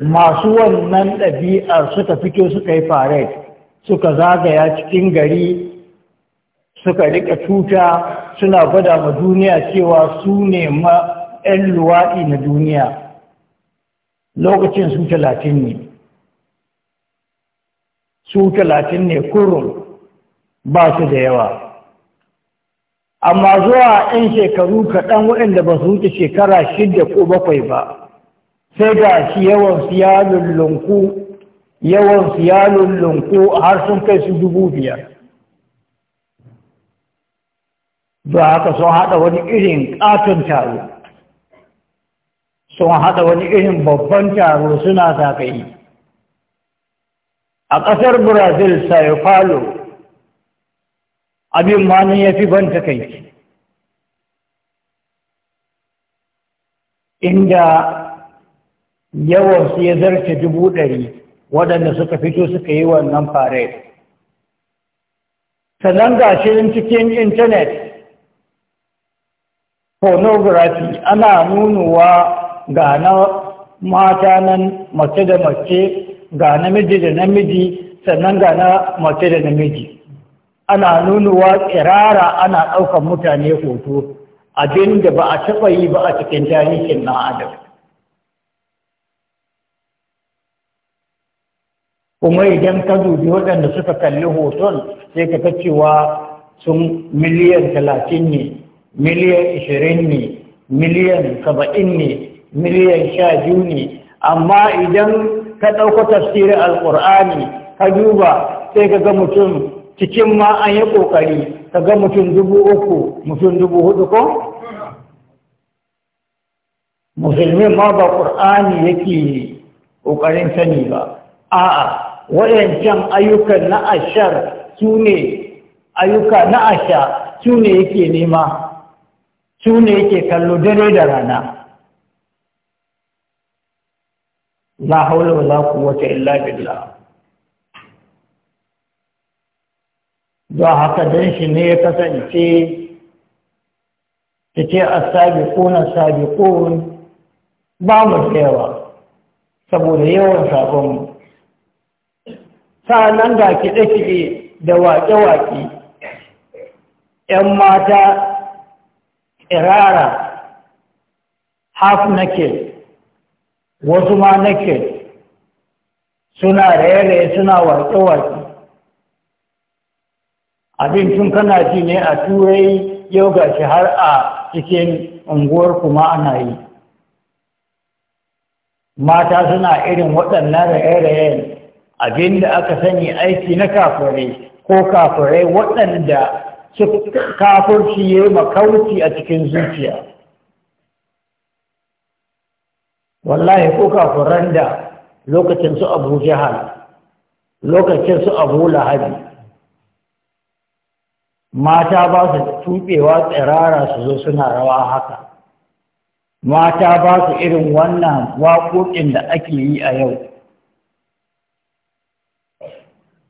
S1: masu wannan ɗabi'ar suka fito suka yi faret suka zagaya cikin gari suka rika tuta suna gwada ma duniya cewa su ne ma 'yan luwaɗi na duniya lokacin su talatin ne su talatin ne kurum ba su da yawa amma zuwa 'yan shekaru kaɗan waɗanda ba su wuce shekara shidda ko bakwai ba sai ga shi yawan ya lullunku yawan ya lullunku har sun kai su dubu biyar ba haka sun haɗa wani irin ƙaton taro sun haɗa wani irin babban taro suna zagaye a ƙasar brazil sayo falo. abin ma ya fi ban takaici inda yawan su ya zarce dubu ɗari waɗanda suka fito suka yi wannan fare sannan ga shirin cikin intanet pornography ana nunuwa ga na mata nan mace da mace ga namiji da namiji sannan ga na mace da namiji ana nunuwa tsirara ana ɗaukar mutane hoto abinda ba a taɓa yi ba a cikin tarihin na adam kuma idan ka dubi waɗanda suka kalli hoton sai ka ta cewa sun miliyan talatin ne miliyan ishirin ne miliyan saba'in ne miliyan sha biyu ne amma idan ka ɗauka tafsirin alƙur'ani ka duba sai ka ga mutum cikin ma an yi ƙoƙari ka ga mutum dubu uku mutum dubu hudu ko musulmin ma ba ƙur'ani yake ƙoƙarin sani ba a'a wayancan ayyukan na ashar su ne ayyuka na asha su ne yake nema su ne yake kallo dare da rana la haula wala quwwata illa billah da haka dan shi ne ya kasance take na sabi ko ba mu saboda yawan sabon nan ga kiɗe-kiɗe da waƙe-waƙe ‘yan mata irara half naked wasu ma naked suna raye-raye suna waƙe-waƙe abin kana ji ne a turai yau ga shi har a cikin unguwar kuma ana yi mata suna irin waɗannan raye-rayen abinda aka sani aiki na kafure ko kafure waɗanda kafurci ya yi makauci a cikin zuciya wallahi ko kafuran da lokacin su abu jihar lokacin su abu lahabi mata ba su tuɓewa tsirara su zo suna rawa haka mata ba su irin wannan waƙoƙin da ake yi a yau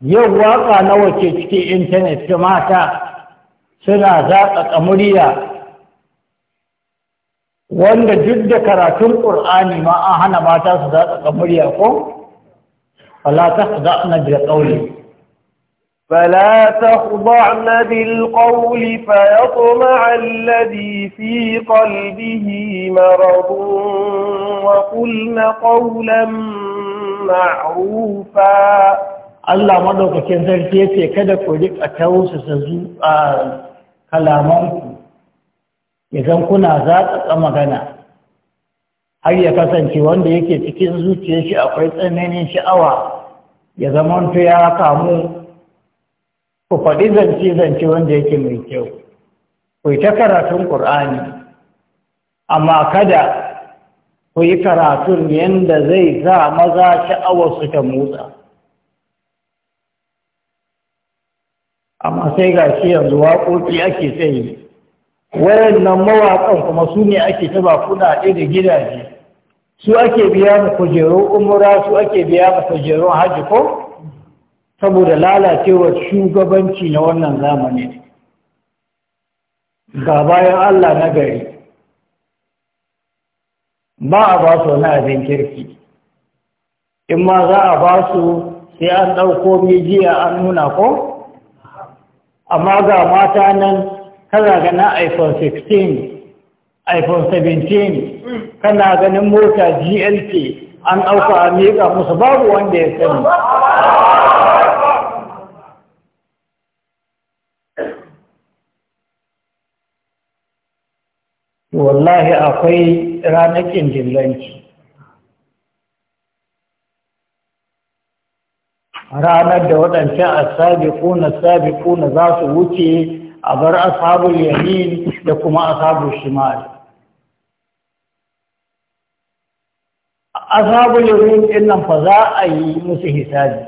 S1: yau waka nawa ke cikin intanet ta mata suna zaƙaƙa murya wanda duk da karatun ƙur'ani ma an hana mata su zaƙaƙa murya ko فلا تخضعن بالقول
S2: فلا تخضعن بالقول فيطمع الذي في قلبه مرض وقلن قولا معروفا Allah madaukakin
S1: sarki yace kada ku rika sa zu a kalamanku idan kuna zatsatsa magana har ya kasance wanda yake cikin zuciyar shi akwai tsananin sha'awa ya zama ya kamu ku faɗi zance-zance wanda yake mai kyau ku ta karatun ƙur'ani amma kada ku yi karatun yadda zai sa maza sha'awarsu ta motsa amma sai ga shi yanzu waƙoƙi ake tsaye wayannan mawaƙan kuma su ne ake taba kuɗaɗe da gidaje su ake biya mu kujeru umura su ake biya mu kujerun hajji ko saboda lalacewar shugabanci na wannan zamani ga bayan Allah na gari ba a ba su wani abin kirki in ma za a ba su sai an ɗauko mijiya an nuna ko amma ga mata nan kana ganin iphone 16 iphone 17 kana ganin mota glk an auka a miƙa musu babu wanda ya sani wallahi akwai ranakin dillanci ranar da waɗancan asabiquna na za su wuce a bar ashabul yamin da kuma ashabul shimal ashabul yamin din nan fa za a yi musu hisabi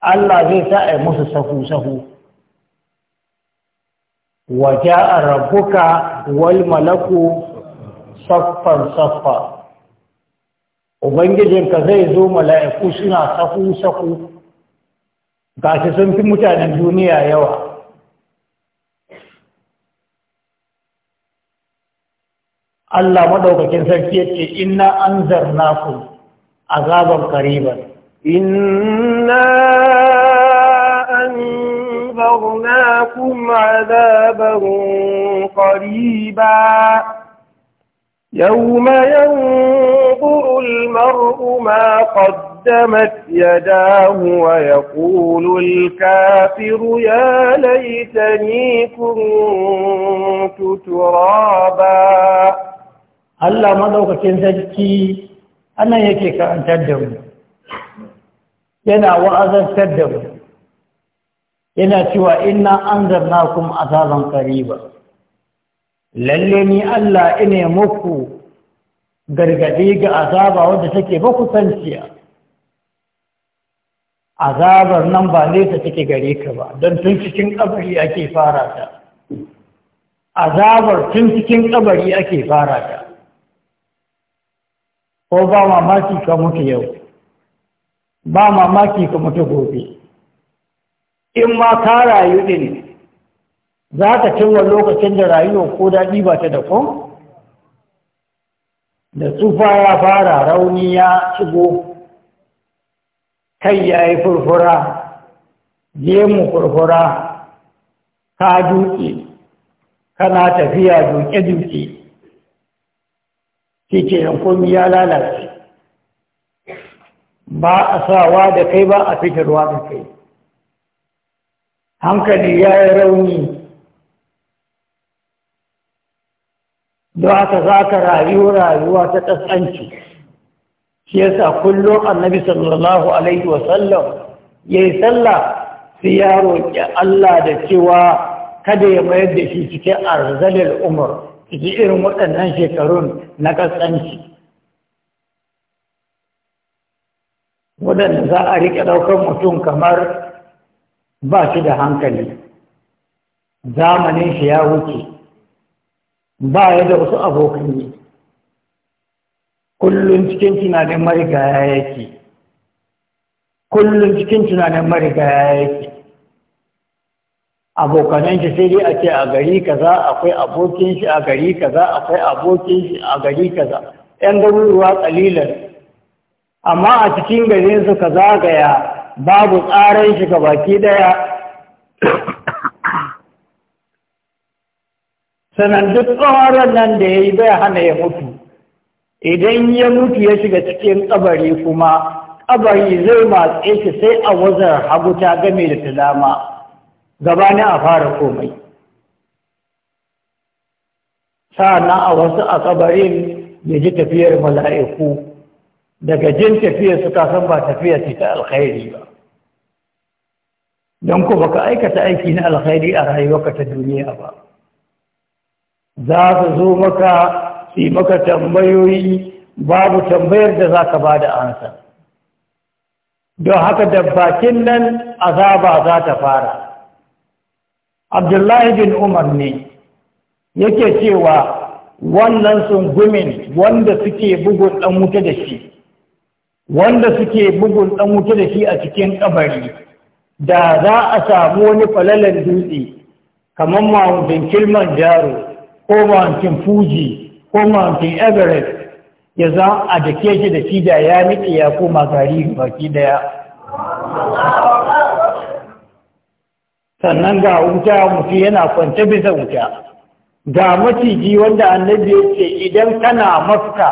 S1: Allah zai sa a yi musu sahu sahu wa ja'a rabbuka wal malaku saffan saffa Ubangijin ka zai zo mala'iku suna saku-saku ga shi sun fi mutanen duniya yawa Allah maɗaukakin sarki yake inna an zarna ku azaban ƙariban.
S2: inna an zarna kum ƙariba, yau ma yau ينظر المرء ما قدمت يداه ويقول الكافر يا ليتني كنت ترابا
S1: الله مدوكتين زكي أنا يكيك أن تدعو yana wa'azantar da mu yana cewa inna anzarnakum azaban qariba lalle ni Allah ine muku Gargade ga azaba wadda take ba kusanciya azabar nan ba nesa take gare ka ba don tun cikin kabari ake fara ta azabar tun cikin kabari ake fara ta ko ba mamaki ka mutu yau ba mamaki ka mutu gobe in ma ka rayu din za ka cewa lokacin da rayuwa ko daɗi ba ta da kwan da tsufa ya fara rauni ya shigo kai ya yi furfura gemu furfura ka duke kana tafiya duke-duke ke komi ya lalace ba a sawa da kai ba a fitarwa da kai hankali ya yi rauni don haka za ka rayu rayuwa ta ƙasƙanci shi yasa kullum annabi sallallahu alaihi wasallam ya yi sallah sai ya roƙi Allah da cewa kada ya mayar da shi cikin arzalin umar cikin irin waɗannan shekarun na ƙasƙanci waɗanda za a riƙe ɗaukar mutum kamar ba shi da hankali zamanin shi ya wuce ba ya da wasu abokan yi kullum cikin tunanin marigaya yake kullum cikin tunanin marigaya yake abokanan shi sai dai a ce a gari kaza akwai abokin shi a gari kaza akwai abokin shi a gari kaza yan garuruwa kalilan amma a cikin garinsu ka zagaya babu tsarin shi ga baki daya sannan duk nan da ya yi bai hana ya mutu idan ya mutu ya shiga cikin kabari kuma kabari zai matse shi sai a wazar hagu ta game da ta dama gabani a fara komai na a wasu a kabarin ya ji tafiyar mala'iku daga jin tafiyar suka san ba tafiya ce ta alkhairi ba don ku baka aikata aiki na alkhairi a rayuwarka ta duniya ba za su zo maka su yi maka tambayoyi babu tambayar da za ka ba da ansa don haka da bakin nan azaba za ta fara abdullahi bin umar ne yake cewa wannan sungumin wanda suke bugun ɗan wuta da shi wanda suke bugun ɗan wuta da shi a cikin kabari da za a samu wani falalan dutse kamar ma'audin kilman jaro ko mawancin fuji ko mawancin everest ya za a da shi da shi da ya nike ya koma gari baki daya sannan ga wuta mutu yana kwance bisa wuta ga maciji wanda annabi ya ce idan kana mafka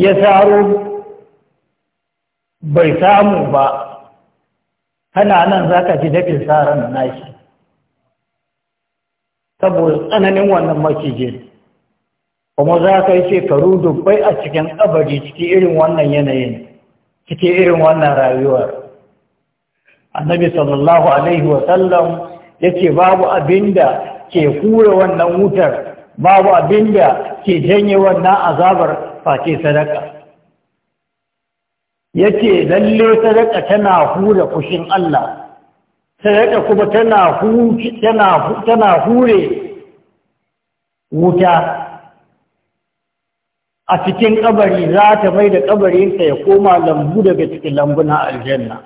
S1: ya saro bai samu ba kana nan za ka ji daɗin tsaron nashi saboda tsananin wannan macijin kuma za ka yi shekaru dubbai a cikin kabari cikin irin wannan yanayin cikin irin wannan rayuwar annabi sallallahu alaihi wasallam ya ce babu abinda ke hura wannan wutar babu abinda ke janye wannan azabar face sadaka ya ce lalle sadaka tana hura kushin Allah ta kuma tana hure wuta a cikin kabari za ta mai da kabarinsa ya koma lambu daga cikin lambuna aljanna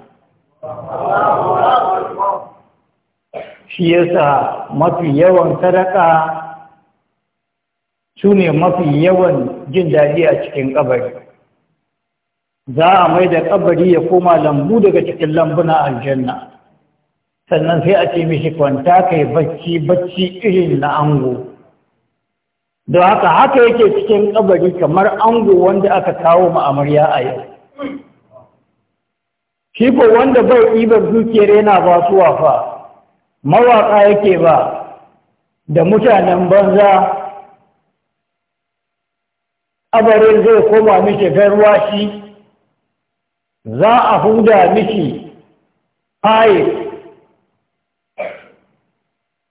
S1: shi yasa mafi yawan sadaka su mafi yawan jin daɗi a cikin kabari za a mai da kabari ya koma lambu daga cikin lambuna aljanna sannan sai a ce mishi kwanta kai bacci bacci irin na ango don haka haka yake cikin kabari kamar ango wanda aka kawo ma amarya a yau shi ko wanda bai ibar dukiyar yana ba su wafa mawaƙa yake ba da mutanen banza abarin zai koma mishi garwa shi. za a huda mishi fayil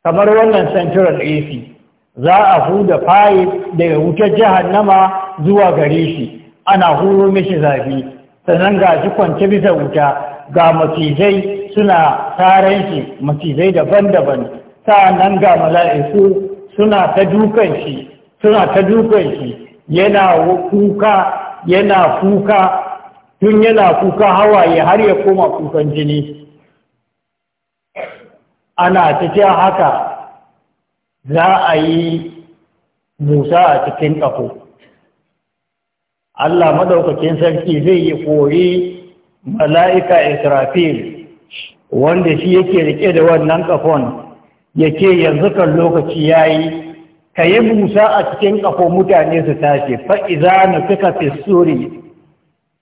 S1: kamar wannan central AC za a da fayi daga wutar nama zuwa gare shi ana huro mishi zafi sannan ga shi kwance bisa wuta ga macizai suna taron shi macizai daban-daban sa'annan ga mala'iku suna ta dukan shi suna ta dukan shi yana kuka yana kuka tun yana kuka hawaye har ya koma kukan jini ana cikin haka za a yi musa a cikin ƙafo Allah maɗaukakin sarki zai yi koyi mala'ika israfil wanda shi yake rike da wannan ƙafon yake yanzu kan lokaci ya yi ka yi musa a cikin ƙafo mutane su tashi fa'iza na suka fi suri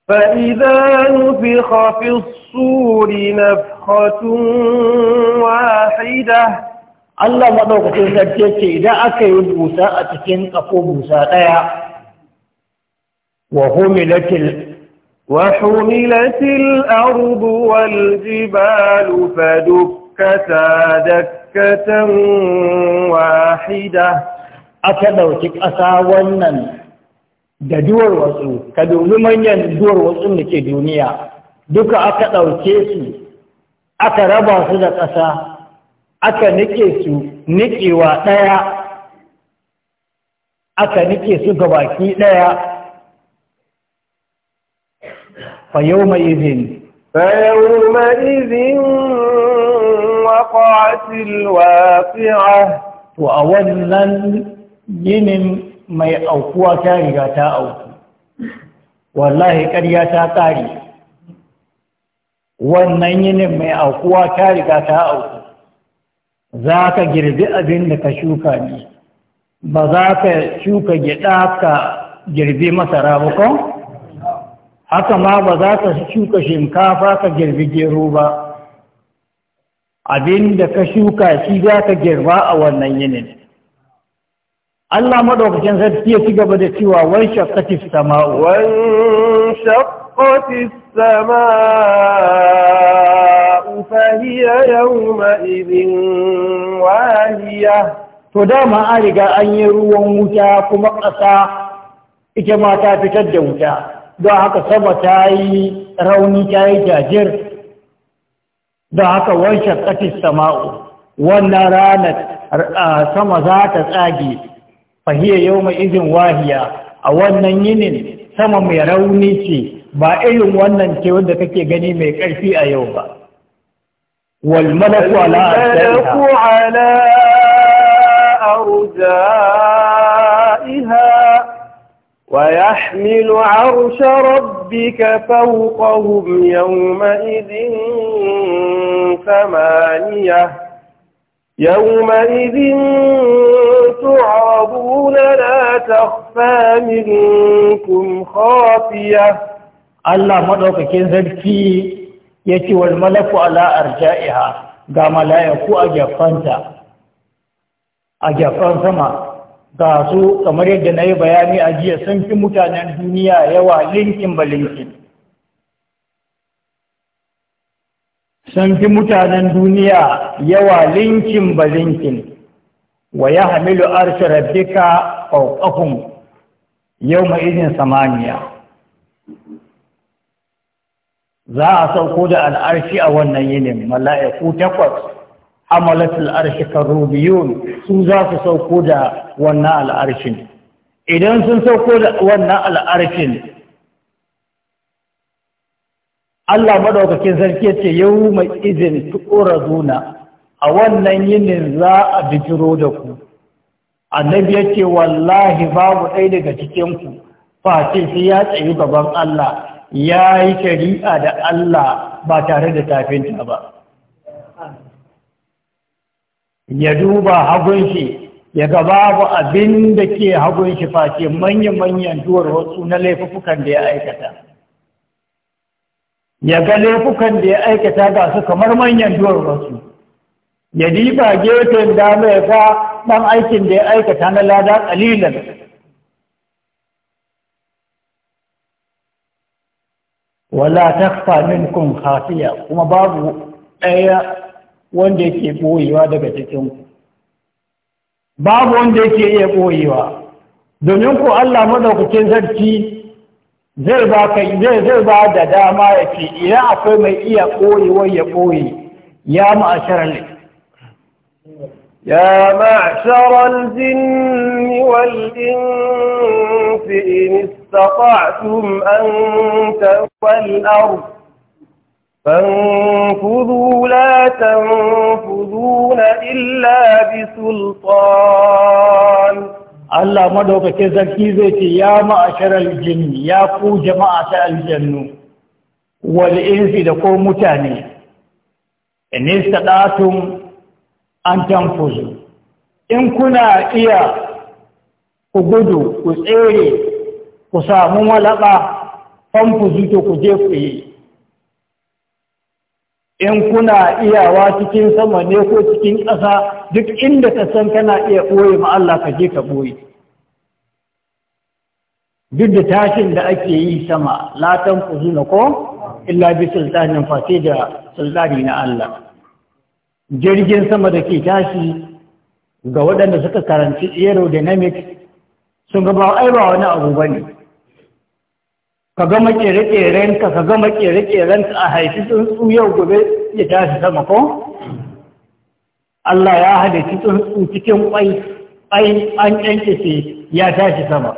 S2: فإذا نفخ في الصور نفخة واحدة الله ما نوك تنجيكي إذا أكي موسى أتكنقف موسى قيا
S1: وهملت
S2: وحملت الأرض والجبال فدكتا دكة واحدة أكدوتك أساونا
S1: da duwar wasu ka dubi manyan duwar wasu da ke duniya duka aka ɗauke su aka raba su da ƙasa aka nike su nikewa ɗaya aka nike su gabaki ɗaya fa yau mai izin
S2: فيومئذ To a wannan ginin. mai aukuwa ta
S1: riga ta auku wallahi ƙarya ta ƙare wannan yinin mai aukuwa ta riga ta auku za ka girbi abin da ka shuka ne ba za ka shuka gyaɗa ka girbi masara ba haka ma ba za ka shuka shinkafa ka girbi gero ba abin da ka shuka shi za ka girba a wannan yinin Allah madaukakin sarki ya ci gaba da cewa wai shaqqatis sama'u
S2: wan shaqqatis sama'u fa hiya yawma idhin wahiya to dama an riga an yi ruwan wuta kuma ƙasa
S1: ita ma ta fitar da wuta don haka sama ta yi rauni ta yi jajir don haka wani shakatis sama'u wannan ranar sama za ta tsage fahiyar yau mai izin wahiya a wannan yinin sama mai rauni ce ba irin wannan ce wadda kake gani mai ƙarfi a yau ba والملك على
S2: أرجائها ويحمل عرش ربك فوقهم يومئذ ثمانية يومئذ تعرضون لا تخفى منكم خافية الله كين زلكي
S1: يتي والملك على أرجائها قام لا يكو أجفانتا أجفان سما gasu kamar yadda na yi bayani a jiya sun fi mutanen duniya yawa linkin ba linkin sun fi mutanen duniya yawa linkin ba linkin wa ya hamilu arshi rabbika yau yawma idin samaniya za a sauko da al'arshi a wannan yinin mala'iku takwas amalatul arshi karubiyun su za su sauko da wannan al'arshin idan sun sauko da wannan al'arshin Allah madaukakin sarki ce yau mai izin tuƙura zuna a wannan yinin za a bijiro da ku annabi ya ce wallahi babu ɗaya daga cikinku face sai ya tsayi gaban Allah ya yi shari'a da Allah ba tare da tafinta ba ya duba hagun shi ya gaba babu abin da ke hagun shi face manya-manyan duwar wasu na laifukan da ya aikata ya ga laifukan da ya aikata ga su kamar manyan duwar wasu ya diba gefen dama ya sa ɗan aikin da ya aikata na lada ƙalilan wala takfa kun hafiya kuma babu ɗaya wanda yake ɓoyewa daga cikin babu wanda yake iya ɓoyewa domin ku Allah madaukakin sarki zai ba ka zai zai ba da dama ya ce idan akwai mai iya ɓoyewa ya ɓoye ya ma'asharar
S2: يا معشر الجن والإنس إن استطعتم أن تنفذوا الأرض فانفذوا لا تنفذون إلا بسلطان الله مدعو كذا يا
S1: معشر الجن يا قو جماعة الجن والإنس دقوا متاني إن استطعتم an zu. in kuna iya ku gudu ku tsere ku samu malaba fanfuzu to ku je ku yi in kuna iyawa cikin sama ne ko cikin ƙasa duk inda ka san kana iya ɓoye ma ka je ka ɓoye duk da tashin da ake yi sama latan ku zuna ko illa bi sultanin fate sultani na Allah jirgin sama da ke tashi ga waɗanda suka karanci aerodynamics sun gaba ai ba wani abu ba ne ka gama ƙere-ƙeren ka gama ƙere-ƙeren a haifi tsuntsu yau gobe ya tashi sama ko Allah ya halitta tsuntsu cikin ƙwai ƙwai an ƙyanƙyace ya tashi sama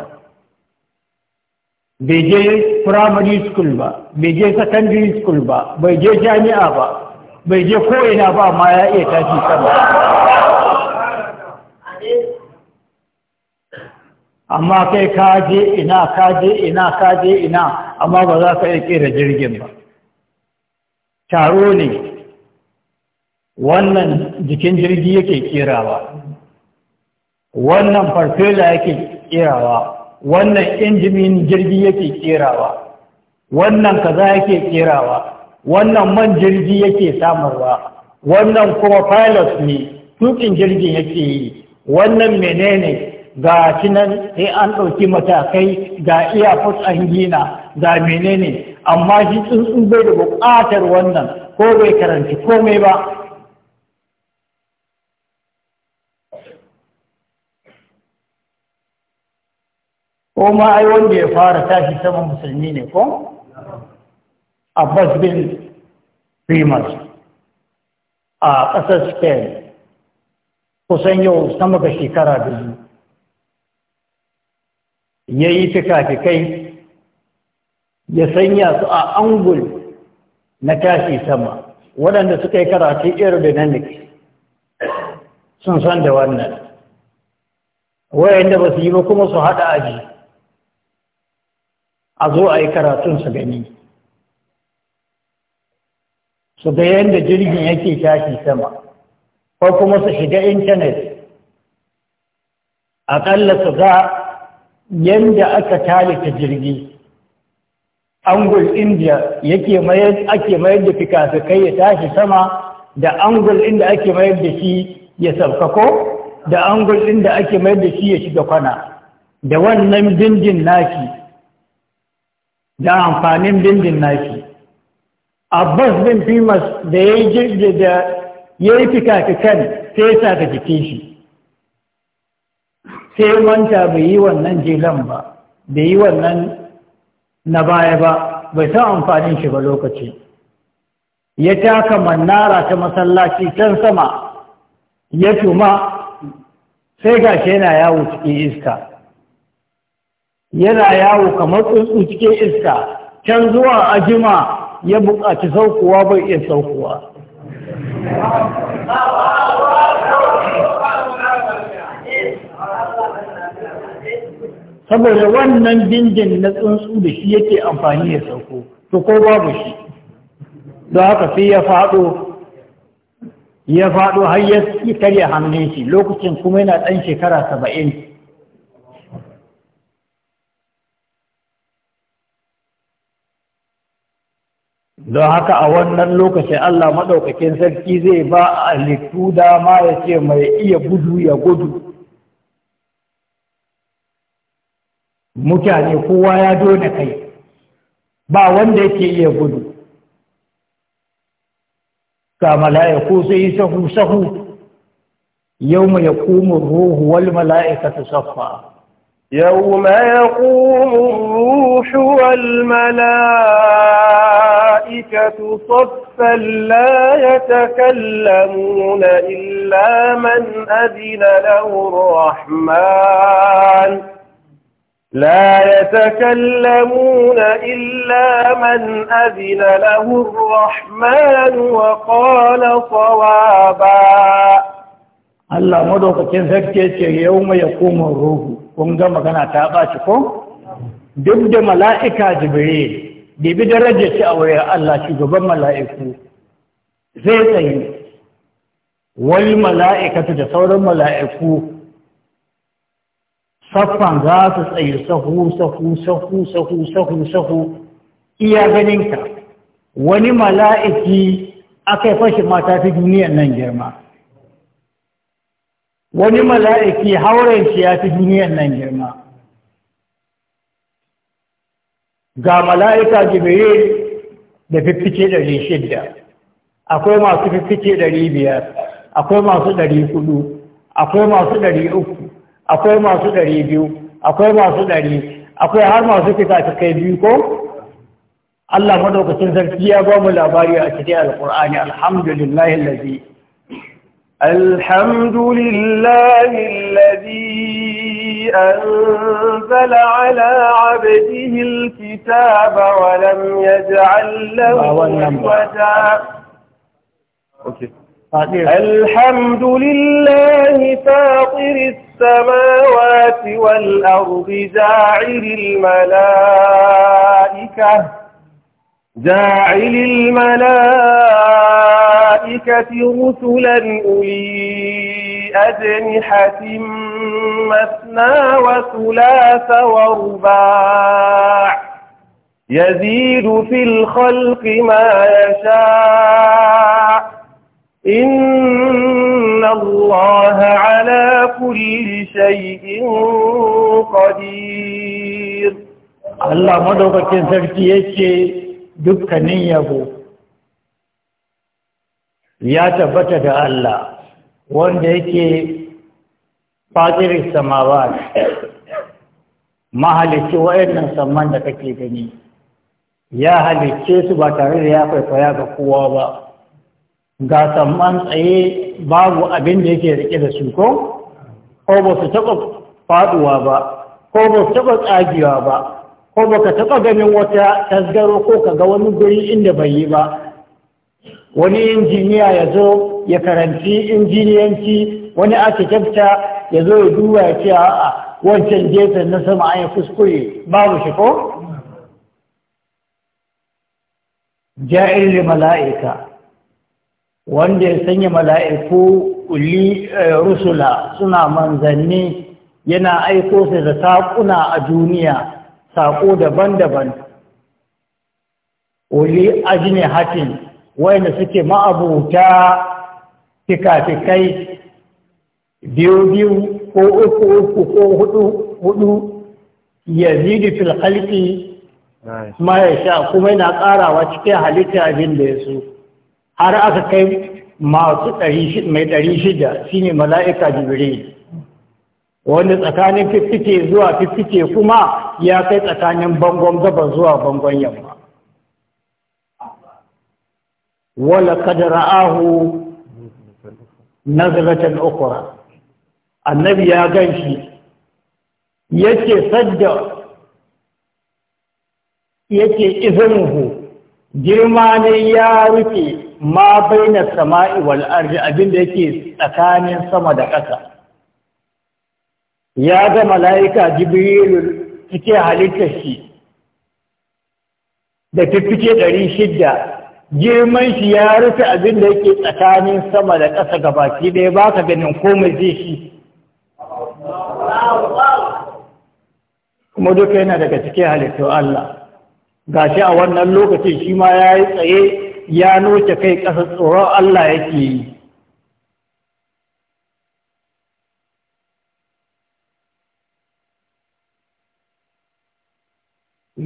S1: bai je primary school ba bai je secondary school ba bai je jami'a ba bai je ko'ina ba ma ya iya tashi sama
S2: amma kai kaje ina kaje ina kaje ina amma ba za ka iya kera
S1: jirgin ba taro ne wannan jikin jirgi yake ba. wannan farfela yake ba. wannan injimin jirgi yake ba. wannan kaza yake ba. wannan man jirgi yake samarwa wannan kuma pilot ne tukin jirgin yake yi wannan menene ga nan sai an ɗauki matakai ga iya an gina ga menene amma shi tsuntsun bai da buƙatar
S2: wannan ko bai karanci komai ba ko ma ai
S1: wanda ya fara tashi saman musulmi ne ko Abbas bin Primus a ƙasar Spain kusan yau sama ga shekara biyu ya yi fikafikai ya sanya su a angul na tashi sama waɗanda suka yi karatu aerodynamics sun san da wannan wayanda ba su yi ba kuma su haɗa aji a zo a yi su gani su ga yadda jirgin yake tashi sama ko kuma su shiga intanet aƙalla su ga yadda aka talita jirgi angul india yake mayar ake mayar da fikafikai ya tashi sama da angul inda ake mayar da shi ya sauƙaƙo da angul inda ake mayar da shi ya shiga kwana da wannan bindin nashi da amfanin bindin nashi abbas bin fimas da ya yi da ya yi fikafikan sai ya saka jikin shi sai wanta bai yi wannan jelan ba bai yi wannan na baya ba bai san amfanin shi ba lokaci ya taka manara ta masallaci can sama ya tuma sai gashi yana yawo cikin iska yana yawo kamar tsuntsu cikin iska can zuwa ajima ya buƙaci saukowa bai iya saukowa
S2: saboda wannan
S1: bindin na tsuntsu da shi yake amfani ya sauko to ko babu shi don haka sai ya faɗo ya faɗo har ya karya hannun shi lokacin kuma yana ɗan shekara saba'in don haka a wannan lokacin Allah maɗaukakin sarki zai ba a littu dama ya ce mai iya gudu ya gudu mutane kowa ya dona kai ba wanda yake iya gudu ga mala'iku sai yi sahu-sahu yau mai kuma ruhu wal ta saffa
S2: yau mai kuma ruhu wal mala'ikatu الملائكة صفا لا يتكلمون إلا من أذن له الرحمن لا يتكلمون إلا من أذن له الرحمن وقال صوابا الله
S1: مدوكتين سكتي يوم يقوم الروح kun ga magana ta ɓaci ملائكة جبريل debi darajar shi a wurin Allah shugaban mala'iku zai tsaye wani mala'ikatu da sauran mala'iku saffan za su tsaye sahu sahu sahu sahu sahu sahu iya ganinka wani mala'iki aka yi fashin mata ta duniyan nan girma wani mala'iki hauren shi ya fi duniyan nan girma ga mala'ika jibril da fiffike ɗari shidda akwai masu fiffike ɗari biyar akwai masu ɗari hudu akwai masu ɗari uku akwai masu ɗari biyu akwai masu ɗari akwai har masu kai biyu ko Allah madaukacin sarki ya ba mu labari a
S2: cikin alkur'ani alhamdulillahi allazi alhamdulillahi allazi أنزل على عبده الكتاب ولم يجعل له وجا الحمد لله فاطر السماوات والأرض جاعل الملائكة جاعل الملائكة رسلا أولي بأجنحة مثنى وثلاث ورباع يزيد في الخلق ما يشاء إن الله على كل شيء قدير الله مدوكين سرتي
S1: يشي دبك يبو يا تبتد الله wanda yake fadirin samawa mahalicci wa'annan samman da kake gani ya halicce su ba tare da ya kwaikwaya ga kowa ba ga samman tsaye babu abin da yake rike da su ko ba su taɓa faduwa ba ko ba su taɓa tsagewa ba ko ba ka taɓa ganin wata tasgaro ko ka ga wani guri inda bai yi ba wani injiniya ya zo ya karanci injiniyanci wani architecture ya zo ya duba ya ce a wancan gefen na sama an yi kuskure babu shi ko ja'ir mala'ika wanda ya sanya mala'iku eh, rusula suna manzanni yana aiko su da saƙuna a duniya saƙo daban-daban uli ajini hatin wayanda suke ma'abuta fikafikai biyu-biyu ko uku-uku ko hudu-hudu ya zidi fil ma ya sha kuma yana karawa cikin halitta abin da ya so har aka kai masu mai ɗari shida shine mala'ika jibril wanda tsakanin fiffike zuwa fiffike kuma ya kai tsakanin bangon gaba zuwa bangon yamma wala kadara'ahu nazaratan ukura annabi ya gan shi yake sadda yake izinhu girma ne ya rufe ma baina sama'i wal ardi abinda yake tsakanin sama da ƙasa ya ga mala'ika jibrilu cike halittar shi da fiffike girman shi ya rufe abin da yake tsakanin sama da ƙasa ga baki ɗaya ba ka ganin komai zai shi kuma duk yana daga cikin halittu Allah ga shi a wannan lokacin shi ma ya yi tsaye ya noce kai ƙasa tsoron Allah yake yi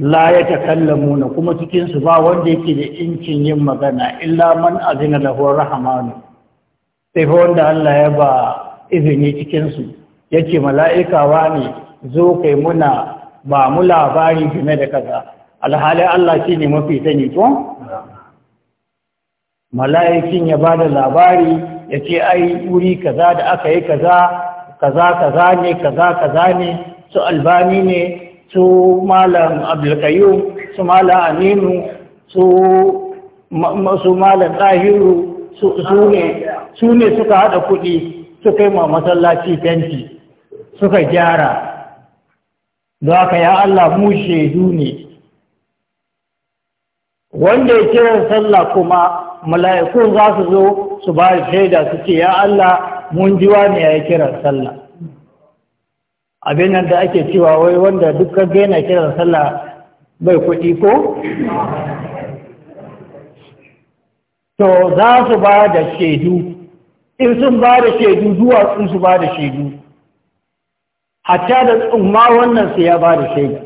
S1: la ya na kuma cikin su ba wanda yake da incin yin magana illa man azina lahu rahmanu sai fa wanda Allah ya ba izini cikin su yace mala'ika ne zo kai muna ba mu labari game da kaza alhali Allah shine mafi sani ko mala'ikin ya bada labari yace ai wuri kaza da aka yi kaza kaza kaza ne kaza kaza ne su albani ne su malam abdulkayu su malam aminu su malam ɗahiru su ne suka haɗa kuɗi suka yi ma masallaci fenti suka gyara da aka ya Allah mu shaidu ne wanda ya kira sallah kuma mala'ikun za su zo su ba shaida su ce ya Allah mun ji wani ya kira sallah abin nan da ake cewa wai wanda dukkan gaina kiran sallah bai kuɗi ko? to za su ba da shaidu in sun ba da shaidu sun su ba da shaidu hatta da tsumma wannan su ya ba da shaidu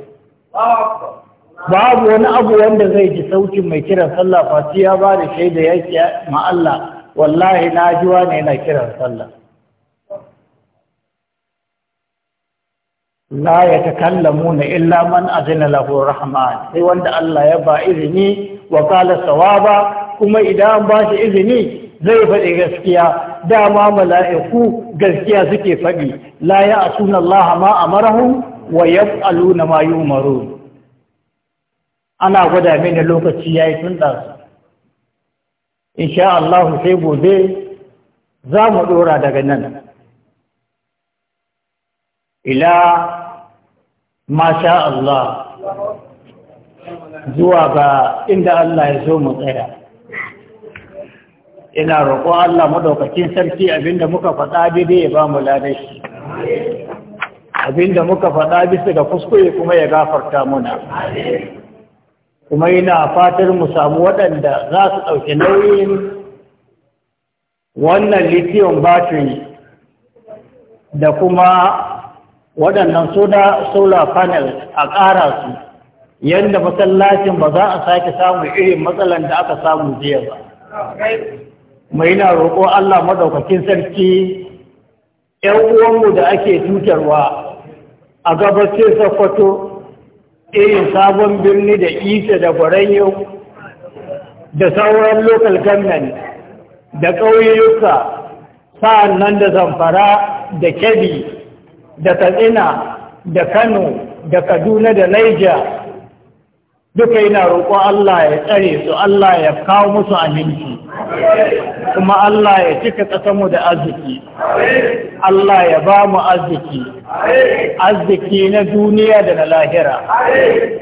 S1: babu wani abu wanda zai ji saukin mai kiran sallah fasi ya ba da shaida ya ma Allah wallahi na ji ne yana kiran sallah la ya takallamuna illa man azina lahu rahman sai wanda Allah ya ba izini wa qala sawaba kuma idan ba shi izini zai faɗi gaskiya dama mala'iku gaskiya suke faɗi la a sunan Allah ma amarahum wa yaf'aluna ma yumarun ana gwada mini lokaci yayi tun da insha Allah sai gobe za mu ɗora daga nan ila masha Allah
S2: zuwa ga inda Allah ya zo mu
S1: tsaya ina roƙon Allah madaukakin sarki abinda muka faɗa daidai ya ba mu ladashi abinda muka faɗa bisa ga kuskure kuma ya gafarta muna kuma yana fatar mu samu waɗanda za su ɗauki nauyin wannan lithium battery da kuma waɗannan suna solar panel a ƙara su yadda masallacin ba za a sake samun irin matsalan da aka samu jiya ba mai na roƙo Allah maɗaukakin sarki ‘yan uwanmu da ake tutarwa a gabashin Sokoto irin sabon birni da isa da gwaranyo da sauran local government da ƙauyuka sa'an nan da zamfara da kebbi da katsina da kano da kaduna da naija duka yana roƙon Allah ya tsare su Allah ya kawo musu aminci kuma Allah ya cika ƙasarmu da arziki Allah ya ba mu arziki arziki na duniya da na lahira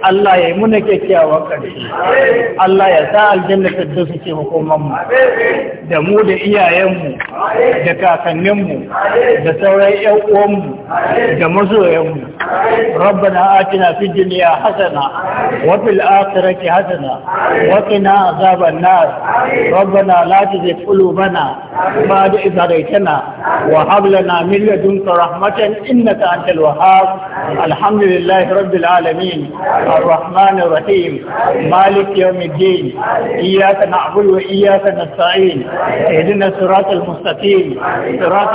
S1: Allah ya yi muna kyakkyawan ƙarshe Allah ya sa aljanna tattun suke hukumanmu da mu da iyayenmu da kakanninmu da sauran yan'uwanmu da mazoyanmu rabbana atina fi duniya hasana wa fil akhirati hasana wa qina azaban nar rabbana la tuzigh qulubana ba'da idh hadaytana wa hab lana min ladunka rahmatan innaka عبد الوهاب الحمد لله رب العالمين الرحمن الرحيم مالك يوم الدين إياك نعبد وإياك نستعين اهدنا الصراط المستقيم صراط